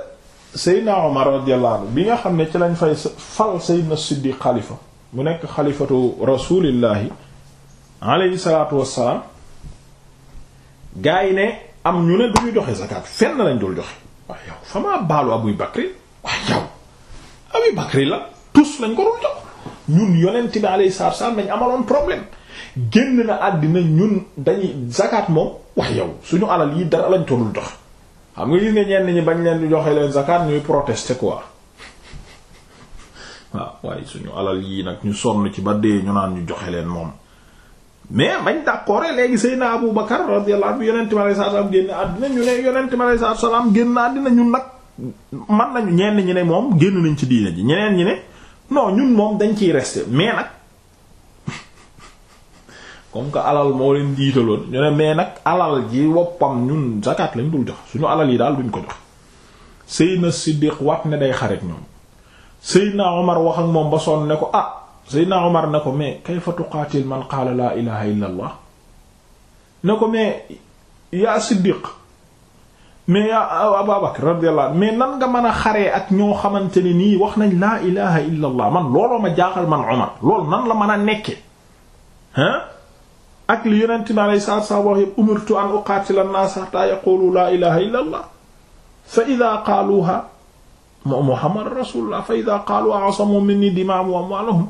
seydna omar radiyallahu bi nga xam ne ci lañ fay fal seydna siddiq xalifa mu nekk xalifatu rasulillahi alayhi salatu wassalaam gaa yi ne am ñu ne du ñu joxe zakat fenn lañ dul joxe waaye yow fama baalu Abu Bakr waaye yow Abu Bakr la tous lañ ko dul jox ñun yonent bi alayhi salaatu salaam dañ amaloon problème génn na àddina ñun dañuy zakat moom wax yow suñu alal yi dara lañ tollul joxe xam nga gis nga ñenn ñi bañ leen di joxe leen zakat ñuy protester quoi waaw waaye suñu alal yii nag ñu sonn ci ba dee ñu naan ñu joxe leen moom. mais bañ d'accord léegi Seydina Abu Bakar radiyallahu anhu yonent mi alayhi salaam génn àddina ñu ne yonent mi alayhi salaam génn àddina ñun nag man nañu ñenn ñi ne moom génn nañ ci diina ji ñeneen ñi ne non ñun moom dañ ciy rester mais nag comme que alal moo leen jiitaloon ñu ne mais nag alal ji woppam ñun zakat lañ dul jox suñu alal yi daal duñ ko jox Seydina Siddiq wat ne day xarit ñoom naa Omar wax ak moom ba sonn ne ko ah Seydina Omar ne ko mais kayfa tuqaatil man qaala laa ilaha illa allah ne ko mais yaa Siddiq mais yaa Abaa Bakr radiyallahu mais nan nga mën a xaree ak ñoo xamante ne nii wax nañ laa ilaha illa allah man looloo ma jaaxal man Omar loolu nan la mën a nekke ah ak li yonente mi alei saatu salaam wax yépp umirtu an uqaatila an-naas hatta yaqulu laa ilaha illa allah fa ida qaaluha Muhammad rasulullah fa ida qaaluha asamu minni dimaa'ahum wa amwaaluhum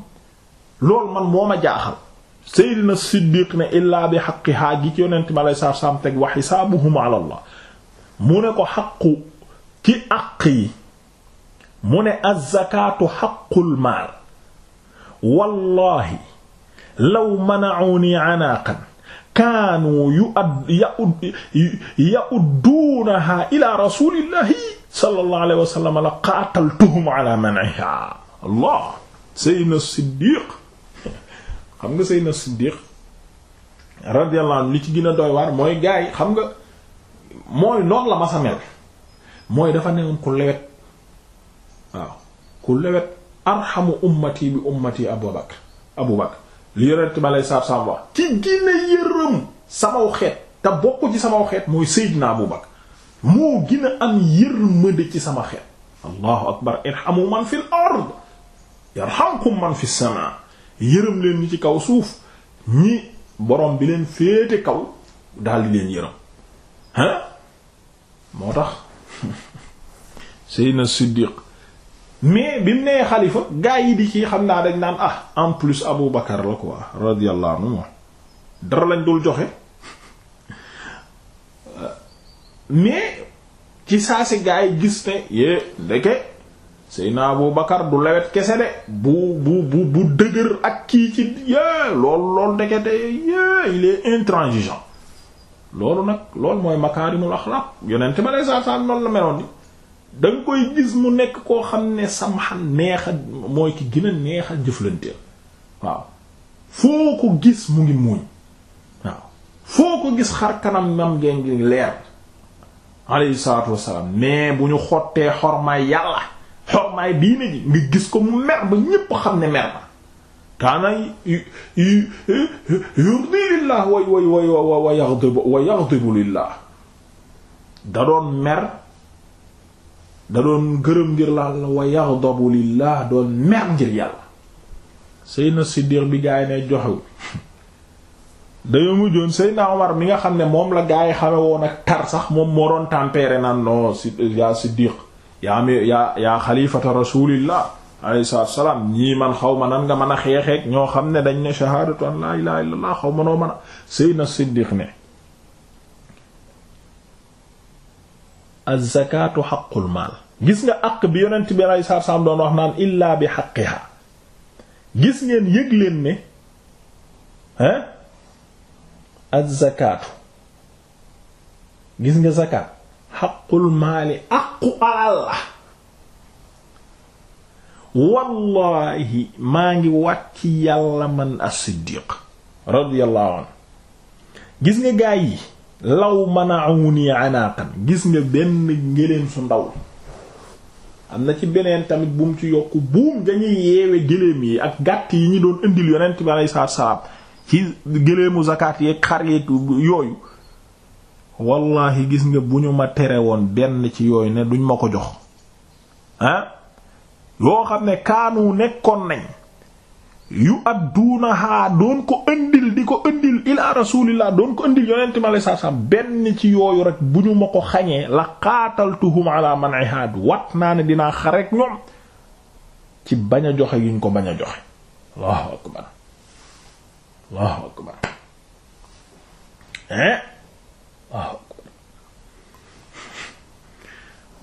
loolu man moo ma jaaxal Seydina Siddiq ne illaa bi haqqihaa gi ci yonent mi alayhi salaatu wa salaam teg wa hisaabuhum ala Allah mu ne ko xaqu ci àq yi mu ne az-zakaatu xaqul maal wallaahi law mana'uunii anaaqan kaanu yu ad ya'udduunahaa ilaa rasuulillaahi sallallaahu alayhi wa sallam la qaataltuhum alaa man'ihaa Allah Seydina Siddiq xam nga Seydina Siddiq radiyallahu anhu li ci gën a doy mooy gars yi xam nga mooy noonu la masa mel mooy dafa newoon ku lewet waaw ku lewet arhamu ummati bi ummati Abu Bakr Abu Bakr li yonent ma lay saab saab wax ci gën yërëm samaw xeet te bokk ci samaw xeet mooy Seydina Abu Bakr moo gën a am yërmande ci sama xeet allahu akbar irhamu man fil ard yarhamkum man fis samaa yërëm leen ñi ci kaw suuf ñi borom bi leen féete kaw daldi leen yërëm ah moo tax Seydina Siddiq mais bi mu nee xalifa gaa yi di ci xam naa dañ naan ah en plus Abu Bakar la quoi radiyallahu anhu dara lañ dul joxe euh, mais ci saa si gaa yi gis ne yée ndeke Seydina Abu Bakar du lewet kese de bu bu bu bu dëgër ak kii ci yee loolu loolu ndekete yee il est intransigeant loolu nag loolu mooy makaarimul axlaaq yonente ma lay saa saa noonu la meloon di da nga koy gis mu nekk koo xam ne samxan neex a mooy ki gën a neex a jëflanteel waaw foo ko gis mu ngi muuñ waaw foo ko gis xar kanam mam ngi leer alayhi salaatu wassalaam mais bu ñu xottee xorma yàlla xormaay diine ji nga gis ko mu mer ba ñépp xam ne mer na kaana yurdi lillah way way way wa yaghdibu wa yaghdibu lillah da doon mer da doon gërëm ngir lalla wa yaghdabu lillah doon mer ngir yàlla Seydina Siddiq bi gaay ne joxew dañoo mujjoon Seydina Omar mi nga xam ne moom la gaay xame woon ak tar sax moom moo doon tempéré naan non si yaa Siddiq yaa mi yaa yaa xalifata rasulillah alayhi salaatu salaam ñii man xaw ma nan nga mën a xeexeek ñoo xam ne dañ ne shahaadatu an laa ilaaha illallah xaw ma noo mën a Seydina Siddiq ne az xaqul maal gis nga àq bi yonent bi alayhi doon wax naan illaa bi xaqiha gis ngeen yëg leen ne hein az gis nga zakaat xaqul maali aqu alal la wallaahi maa ngi wàcc yàlla man as-siddiq radiyallahu anhu gis nga gaa yi law mana'uni anaqan gis nga benn ngëléem su ndaw am na ci beneen tamit bu ci yokk buum dañuy yeewe gëléem yi ak gàtt yi ñu doon indil yonent bi alayhi salaatu salaam ci gëléemu zakaat yeeg xar yeeg yooyu wallahi gis nga bu ñu ma tere woon benn ci yooyu ne duñ ma ko jox ah yoo xam ne kaanu nekkoon nañ yu ab duunahaa doon ko ëndil di ko ëndil ila rasulillah doon ko ëndil yonente mi aleye satu selaam benn ci yooyu rek bu ñu ma ko xañee la xaatal ala manihaad wat naa dinaa xarek ñoom ci bañ a yuñ ko bañ a akbar allahu akbar eh waaw ah.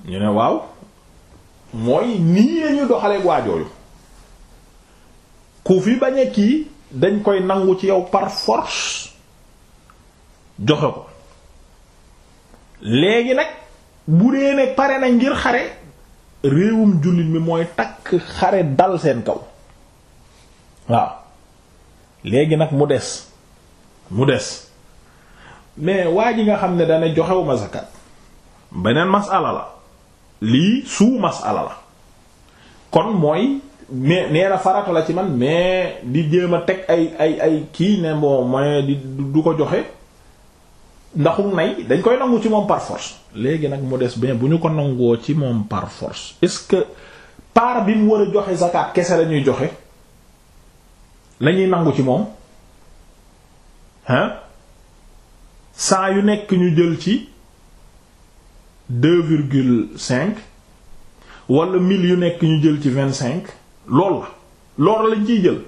ñu ne waaw mooy nii lañuy doxaleeg waajooyu ku fi bañ a kii dañ koy nangu ci yow par force joxe ko léegi nag bu dee ne pare na ngir xare réewum jullit mi mooy takk xare dal seen kaw waaw léegi nag mu des mu des mais waa ji nga xam ne dana joxew ma zakat beneen masala la lii suu masala la kon mooy mais nee na farata la ci man mais di jéem a teg ay ay ay kii ne bon moyen di du ko joxe ndaxum nay dañ koy nangu ci moom par force léegi nag mu des bien bu ñu ko nangoo ci moom par force est-ce que part bi mu war a joxe zakat kese la ñuy joxe lañuy nangu ci moom hein saa yu nekk ñu jël ci deux virgule cinq wala mille yu nekk ñu jël ci vingt cinq lool la lool lañ ciy jël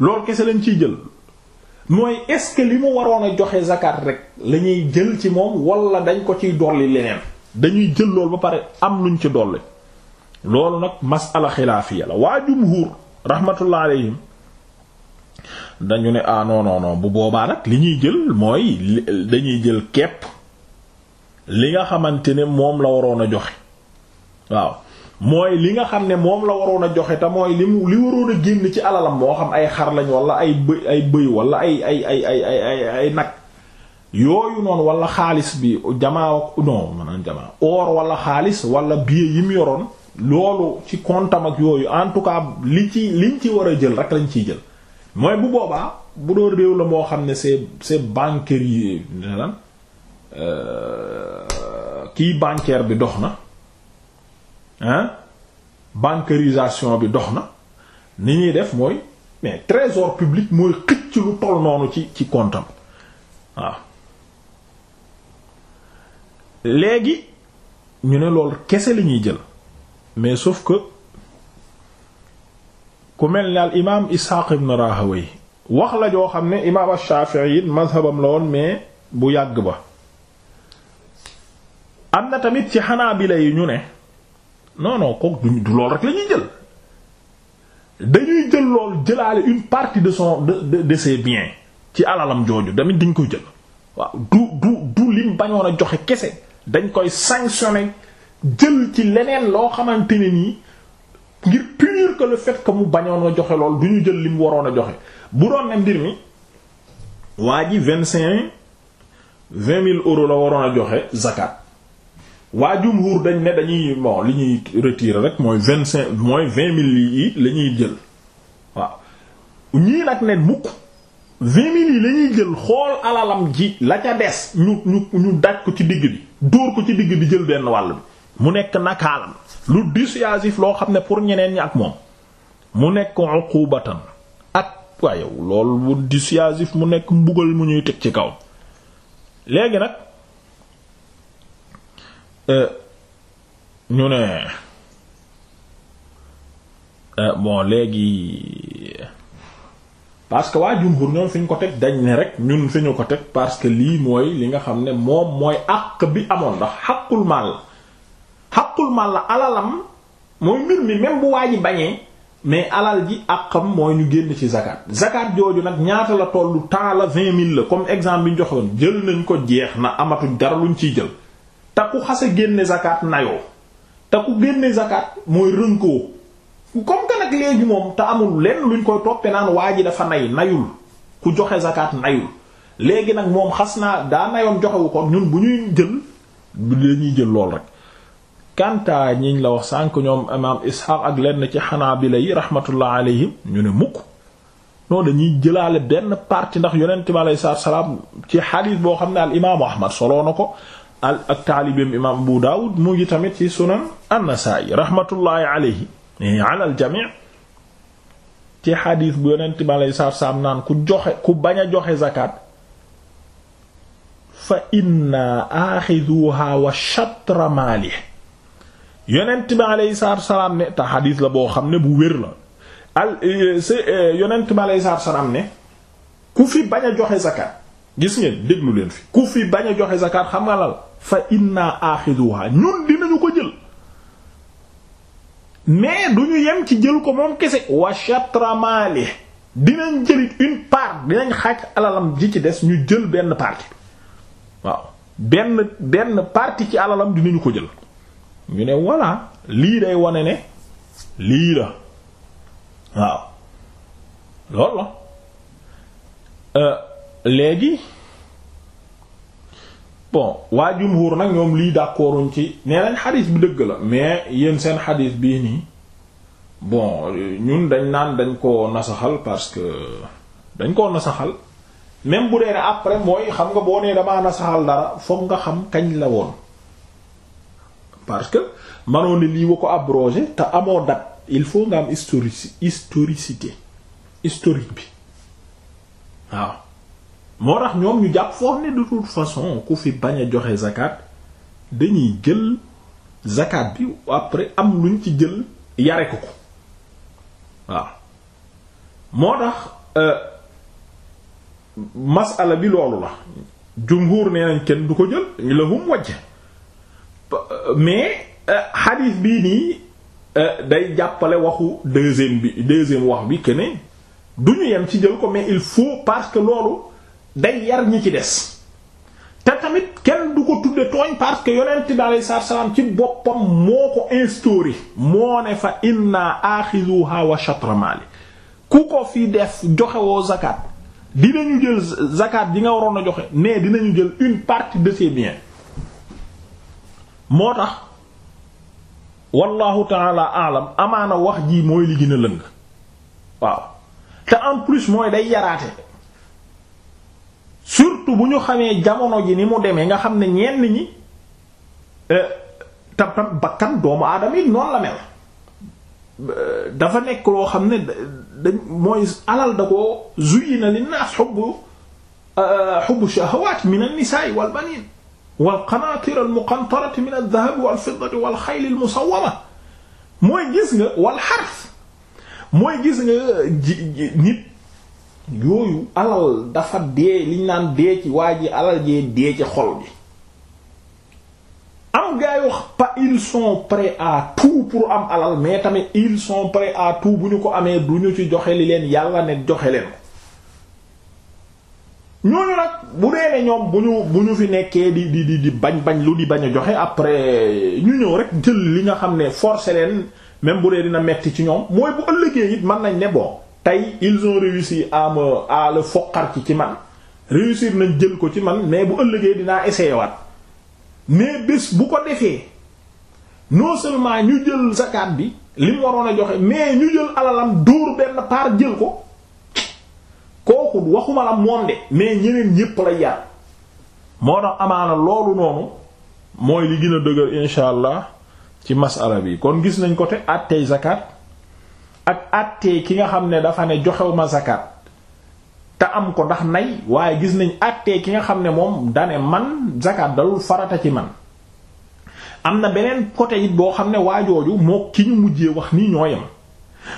lool kese lañ ciy jël mooy est-ce que li mu waroon a joxe zakat rek lañuy jël ci moom walla dañ ko ciy dolli leneen dañuy jël lool ba pare am luñ ci dolli loolu nag masala xilaafiya la waa jumhur rahmatullah alayhim dañu ne ah non non bu boobaa nag li ñuy jël mooy dañuy jël kepp li nga xamante ne moom la waroon a joxe waaw mooy li nga xam ne moom la waroon a joxe te mooy li mu li waroon a génn ci alalam moo xam ay xar lañ wala ay bëy ay bëy wala ay ay ay ay ay ay nag yooyu noonu wala xaalis bi jamaa non maanaam jamaa or wala xaalis wala billet yi mu yoroon loolu ci kontam ak yooyu en tout cas li ci li ci war a jël rek lañ ciy jël mooy bu boobaa bu doon réew la moo xam ne c'est c'est bancaire euh, kii bancaire bi dox na hein bancarisation bi dox na ni ñuy def mooy mais trésor public mooy xëcc lu toll noonu ci ci kontam waaw léegi ñu ne loolu kese li ñuy jël mais sauf que ku mel ni al imaam Isxaaq ibn Rahaway wax la joo xam ne imaam Ash-Shafi'i mazhabam la woon mais bu yàgg ba am na tamit ci Hanaabila yi ñu ne non non kook du lool rek la jël dañuy jël lool jëlaale une partie de son de de de ses biens ci alalam jooju tamit dañ koy jël waaw du du du lim bañoon joxe kese dañ koy sanctionner jël ci leneen loo xamante ne nii ngir punir que le fait que mu bañoon a joxe lool du ñu jël li mu waroon a joxe bu doon ne mbir mi waa ji vingt cinq vingt mille euros la waroon a joxe zakat waa jumhur dañ ne dañuy bon li ñuy retirer rek mooy vingt cinq mooy vingt mille yi lañuy jël waaw ñii nag ne mukk vingt mille yi la jël xool alalam ji la ca des ñu ñu ñu daj ko ci digg bi dóor ko ci digg bi jël benn wàll bi mu nekk nakaalam lu dissuasif loo xam ne pour ñeneen ñi ak moom mu nekk uqubatan ak waaye loolu bu mu nekk mbugal mu ñuy teg ci kaw léegi nag euh, ñu ne euh, bon léegi parce que waa jumhur ñoom fi ñu ko teg dañ ne rek ñun fi ñu ko teg parce que lii mooy li nga xam ne moom mooy àq bi amoon ndax xaqul maal xaqul mal la alalam mooy mbir mi même bu waa ji bañee mais alal ji àqam mooy ñu génn ci zakat zakat jooju nag ñaata la tollu temps la vingt mille la comme exemple bi ñu joxoon jël nañ ko jeex na amatuñ dara luñ ciy jël te ku xase génne zakat nayoo te ku génne zakat mooy rënkoo comme que nag léegi moom te amul lenn luñ koy toppe naan waa ji dafa nay nayul ku joxe zakat nayul léegi nag moom xas naa daa nayoon joxewu ko ñun bu ñuy jël dañuy jël lool rek kanta ñiñ la wax sànk ñoom imaam Isxaaq ak lenn ci xanaabila yi rahmatullah alayhim ñu ne mukk non dañuy jëlaale benn partie ndax yonent bi alayhi salaatu salaam ci xadiis boo xam ne al imaamu Ahmad soloo na ko al ak taalibeem imaam Abu Daawud mu ngi tamit ci sunan an-Nasaa'i rahmatullahi alayhi ala al jamii ci xadiis bu yonent bi alayhi salaatu salaam naan ku joxe ku bañ a joxe zakat fa inna aaxiduha wa shatra maalihi yonent bi aleyhi salaatu salaam ne te xadiis la boo xam ne bu wér la al eh, eh, yonent bi aleyhi ne ku fi bañ a joxe zakat gis ngeen déglu leen fi ku fi bañ a joxe zakat xam nga lal fa inna axiduha ñun dinañu ko jël mais du ñu yem ci jël ko moom kese wa shatra mali dinañ jëlit une part dinañ xaaj alalam ji ci des ñu jël benn partie waaw benn benn partie ci alalam dinañu ko jël ñu ne voilà lii day wane ne lii la waaw loolu la euh, léegi bon waa jumhur nag ñoom lii d'accorduñ ci nee nañ xadis bi dëgg la mais yéen seen xadis bii nii bon ñun dañ naan dañ ko nasaxal parce que dañ koo nasaxal même bu dee ne après mooy xam nga boo nee damaa nasaxal dara fokk nga xam kañ la woon parce que mënoon ne lii wa ko abrogé te amoo date il faut nga am historici historicité bi waaw moo tax ñoom ñu jàpp foofu ne de toute façon ku fi bañ a joxe zakat dañuy jël zakat bi après am luñ ci jël yare ko ko waaw moo tax euh, masala bi loolu la jumhur nee nañ kenn du ko jël ñu la hum wajj mais xadiis euh, bii nii euh, day jàppale waxu deuxième bi deuxième wax bi que ne du ñu yem ci jël ko mais il faut parce que loolu day yar ñi ci des te tamit kenn du ko tudde tooñ parce que yonent bi alayhi salaatu salaam ci boppam moo ko instauré moo ne fa inna axizuha wa shatra mali ku ko fi def joxewoo zakat dinañu jël zakat ji nga waroon a joxe mais dinañu jël une partie de ses biens moo tax wallahu taala alam amaana wax ji mooy li gën lëng waaw te en plus mooy day yaraate surtout bu ñu xamee jamono ji ni mu demee nga xam ne ñenn ñi euh, tam tam bakkan doomu aadama yi noonu la mel dafa nekk loo xam ne da mooy alal da ko zuyina linnaas xubbu xubbu euh, shahawaat min an nisaa wal baniin wal qanaatira al muqantarati min al dahabi wal fiddati wal xayli al musawwama mooy gis nga wal mooy gis nga ji nit yooyu alal dafa dee liñ naan dee waa ji alal jee dee ci xol bi am gaa yi wax pas ils sont prêts à tout pour am alal mais tamit ils son prêts à tout bu ñu ko amee du ñu ci joxe li leen yàlla ne joxe leen ko ñooñu nag bu dee ne ñoom bu ñu bu ñu fi nekkee di di di di bañ bañ lu di bañ a joxe après ñu ñëw rek jël li nga xam ne forcer leen même bu dee dina metti ci ñoom mooy bu ëllëgee it man nañ ne boo tey ils ont réussi à me à le foqar ci ci man réussir nañ jël ko ci man mais bu ëllëgee dinaa essayer waat mais bés bu ko defee non seulement ñu jël zakat bi lim mu a joxe mais ñu jël alalam dóor benn part jël ko. waxuma la moom de mais ñeneen ñépp la yar moo tax amaana loolu noonu mooy li gën a dëgër insha allah ci masala bi kon gis nañ ko te àtteey zakat ak àtteey ki nga xam ne dafa ne joxew ma zakat te am ko ndax nay waaye gis nañ àtteey ki nga xam ne moom dane man zakat dalul farata ci man am na beneen côté it boo xam ne waajooju moo ki ñu mujjee wax nii ñooyam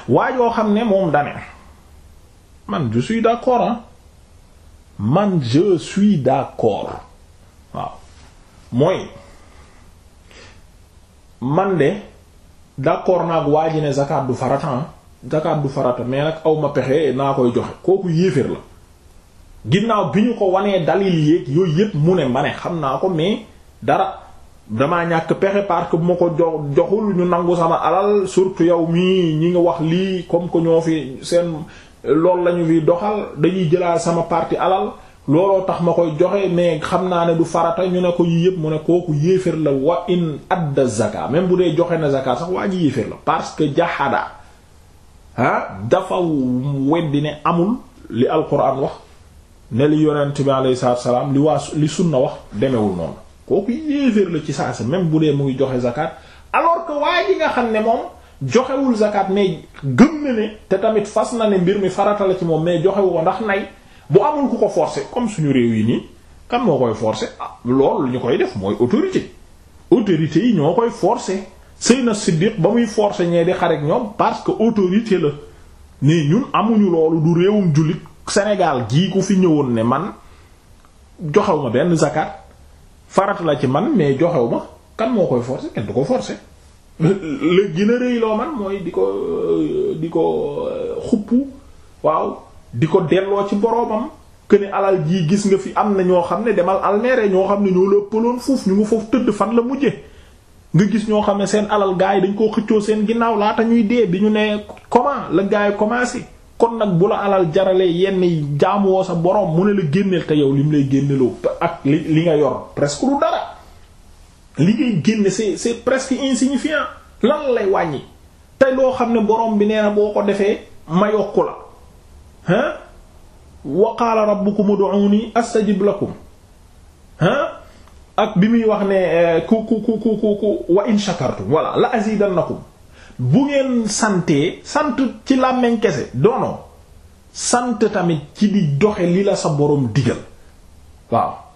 waajoo xam ne moom dane man je suis d'accord man je suis d'accord waaw mooy man de d'accord naa ak waa ji ne zakat du farata zakat du farata mais nag aw ma pexe naa koy joxe kooku yéeféer la ginnaaw bi ñu ko wanee dalil yéeg yooyu yépp mu ne ma ne xam naa ko mais dara dama ñàkk pexe parce que ko jox joxul ñu nangu sama alal surtout yow mii ñi nga wax lii comme que ñoo fi seen loolu la ñu fiy doxal dañuy jëlaat sama parti alal looloo tax ma koy joxe mais xam naa ne du farata ñu ne ko yii yëpp mu ne kooku yéeféer la wax in adda zaka même bu dee joxe na zaka sax waa ji yéeféer parce que jaxada ah dafa weddi amul li alquran wax ne li yonent bi alayhi li waa li sunna wax demewul noonu kooku yéeféer la ci saa si même bu dee mu ngi joxe zakat alors que waa ji nga xam ne moom joxewul zakat mais gëm na ne te tamit fas na ne mbir mi farata la ci moom mais joxewu ko ndax nay bu amul ku ko forcer comme suñu réew yi nii kan moo koy forcer ah loolu ñu koy def mooy autorité autorité yi ñoo koy sëy na Siddiq ba muy forcer ñee di xarek ñoom parce que autorité la ne ñun amuñu loolu du réewum jullit Sénégal gii ku fi ñëwoon ne man joxew benn zakat farata la ci man mais joxew ma kan moo koy forcer kenn du ko forcer la gën a rëy loo man mooy di ko di ko xuppu waaw di ko delloo ci boroomam que ne alal jii gis nga fi am na ñoo xam ne demal almeere ñoo xam ne ñoo la pëloon fuuf ñu nga foofu tëdd fan la mujje nga gis ñoo xam ne seen alal gars yi dañ koo xëccoo seen ginnaaw laata ñuy dee bi ñu ne comment la gars yi commencé kon nag bu la alal jaralee yenn jaamuwoo sa boroom mu ne la génneel te yow lim lay génneeloo ak li li nga yor presque lu dara li ngay génne c'est c'est presque insignifiant lan lay wàññi te loo xam ne borom bi nee na boo ko defee ma yokku la ah wa qaala rabbukum ud'uuni astajib lakum ah ak bi muy wax ne eh, ku ku ku ku ku wa in shakartum voilà la azidannakum bu ngeen santee sant ci làmmeñ kese doono sant tamit ci di doxe li la sa borom digal waaw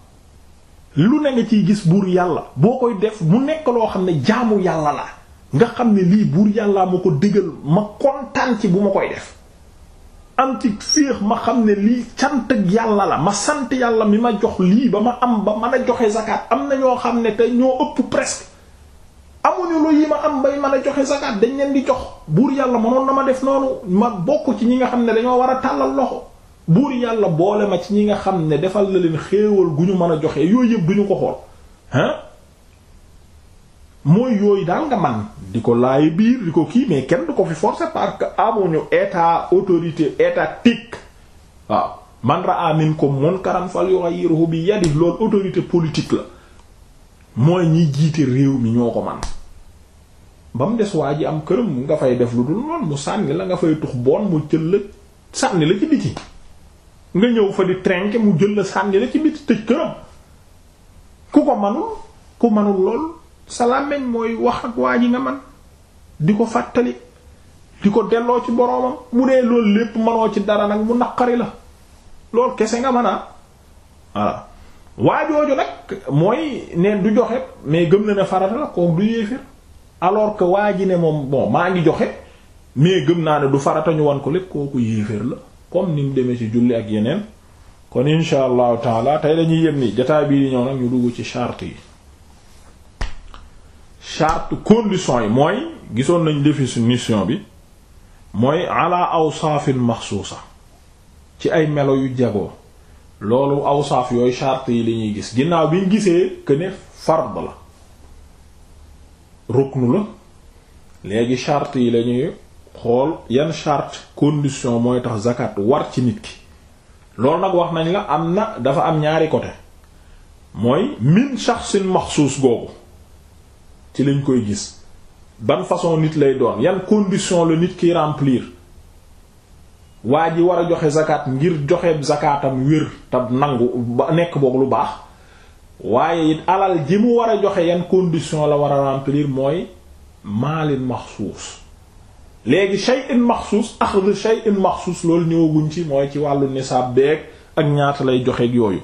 lu ne nga ciy gis buur yàlla boo koy def mu nekk loo xam ne jaamu yàlla la nga xam ne lii buur yàlla ma ko digal ma kontaan ci bu ma koy def am ci féex ma xam ne lii cant yàlla la ma sant yàlla mi ma jox lii ba ma am ba mën a joxe zakat am na ñoo xam ne te ñoo ëpp presque amuñu lu yi ma am bay mën a joxe zakat dañ leen di jox buur yàlla mënoon na ma def noonu ma bokk ci ñi nga xam ne dañoo war a tàllal loxo buur yàlla boole ma ci ñi nga xam ne defal la leen xéewal gu ñu mën a joxe yooyu yëpp ñu ko xool ah mooy yooyu daal nga man di ko laay biir di ko kii mais kenn du ko fi forcer parce que amuñu état autorité étatique waaw man ra'a minkum munkaran falyughayyirhu bi yadihi loolu autorité politique la mooy ñi jiite réew mi ñoo ko man ba mu des waa ji am këram nga fay def lu dul noonu mu sànni la nga fay tux boon mu jël la sànni la ci biti nga ñëw fa di trinquer mu jël la sànni la ci biti tëj këram ku ko manul ku manul lool sa làmmiñ mooy wax ak waa ji nga man di ko fàttali di ko delloo ci boroomam mu dee lool lépp manoo ci dara nag mu naqari la loolu kese nga mën a voilà waa jooju nag mooy neen du joxe mais gëm na ne farata la kooku du yéefir alors que waa ji ne moom bon maa ngi joxe mais gëm naa ne du farata ñu wan ko lépp kooku yéefir la comme ni mu demee ci julli ak yeneen kon insha allahu taala tey dañuy yem ni jataay bii di ñëw nag ñu dugg ci charte yi charte condition yi mooy gisoon nañ mission bi mooy ala awsaafin maxsuusa ci ay melo yu jagoo loolu awsaaf yooyu charte yi li ñuy gis ginnaaw bi ñu gisee que ne fard la ruknu la léegi charte yi lañuy xool yan charte condition mooy tax zakat war ci nit ki loolu nag wax nañ la am na dafa am ñaari côté mooy min shakhsin maxsuus googu ci lañ koy gis ban façon nit lay doon yan condition la nit kiy remplir waa ji war a joxe zakat ngir joxe zakatam wér te nangu ba nekk boog lu baax waaye it alal ji mu war a joxe yan condition la war a remplir mooy maalin maxsuus léegi shay'in maxsuus axd shay'in maxsuus loolu ñëwaguñ ci mooy ci wàllu nisaab beeg ak ñaata lay joxeeg yooyu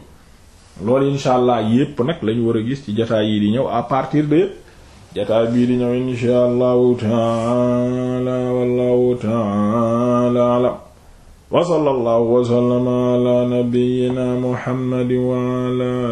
loolu insha allah yépp nag lañu war a gis ci jataay yi di ñëw à partir de jataay bii di ñëw insha allahu taala wallahu taala alam wa sallallahu wa sallama ala nabiyyina muhammad wa ala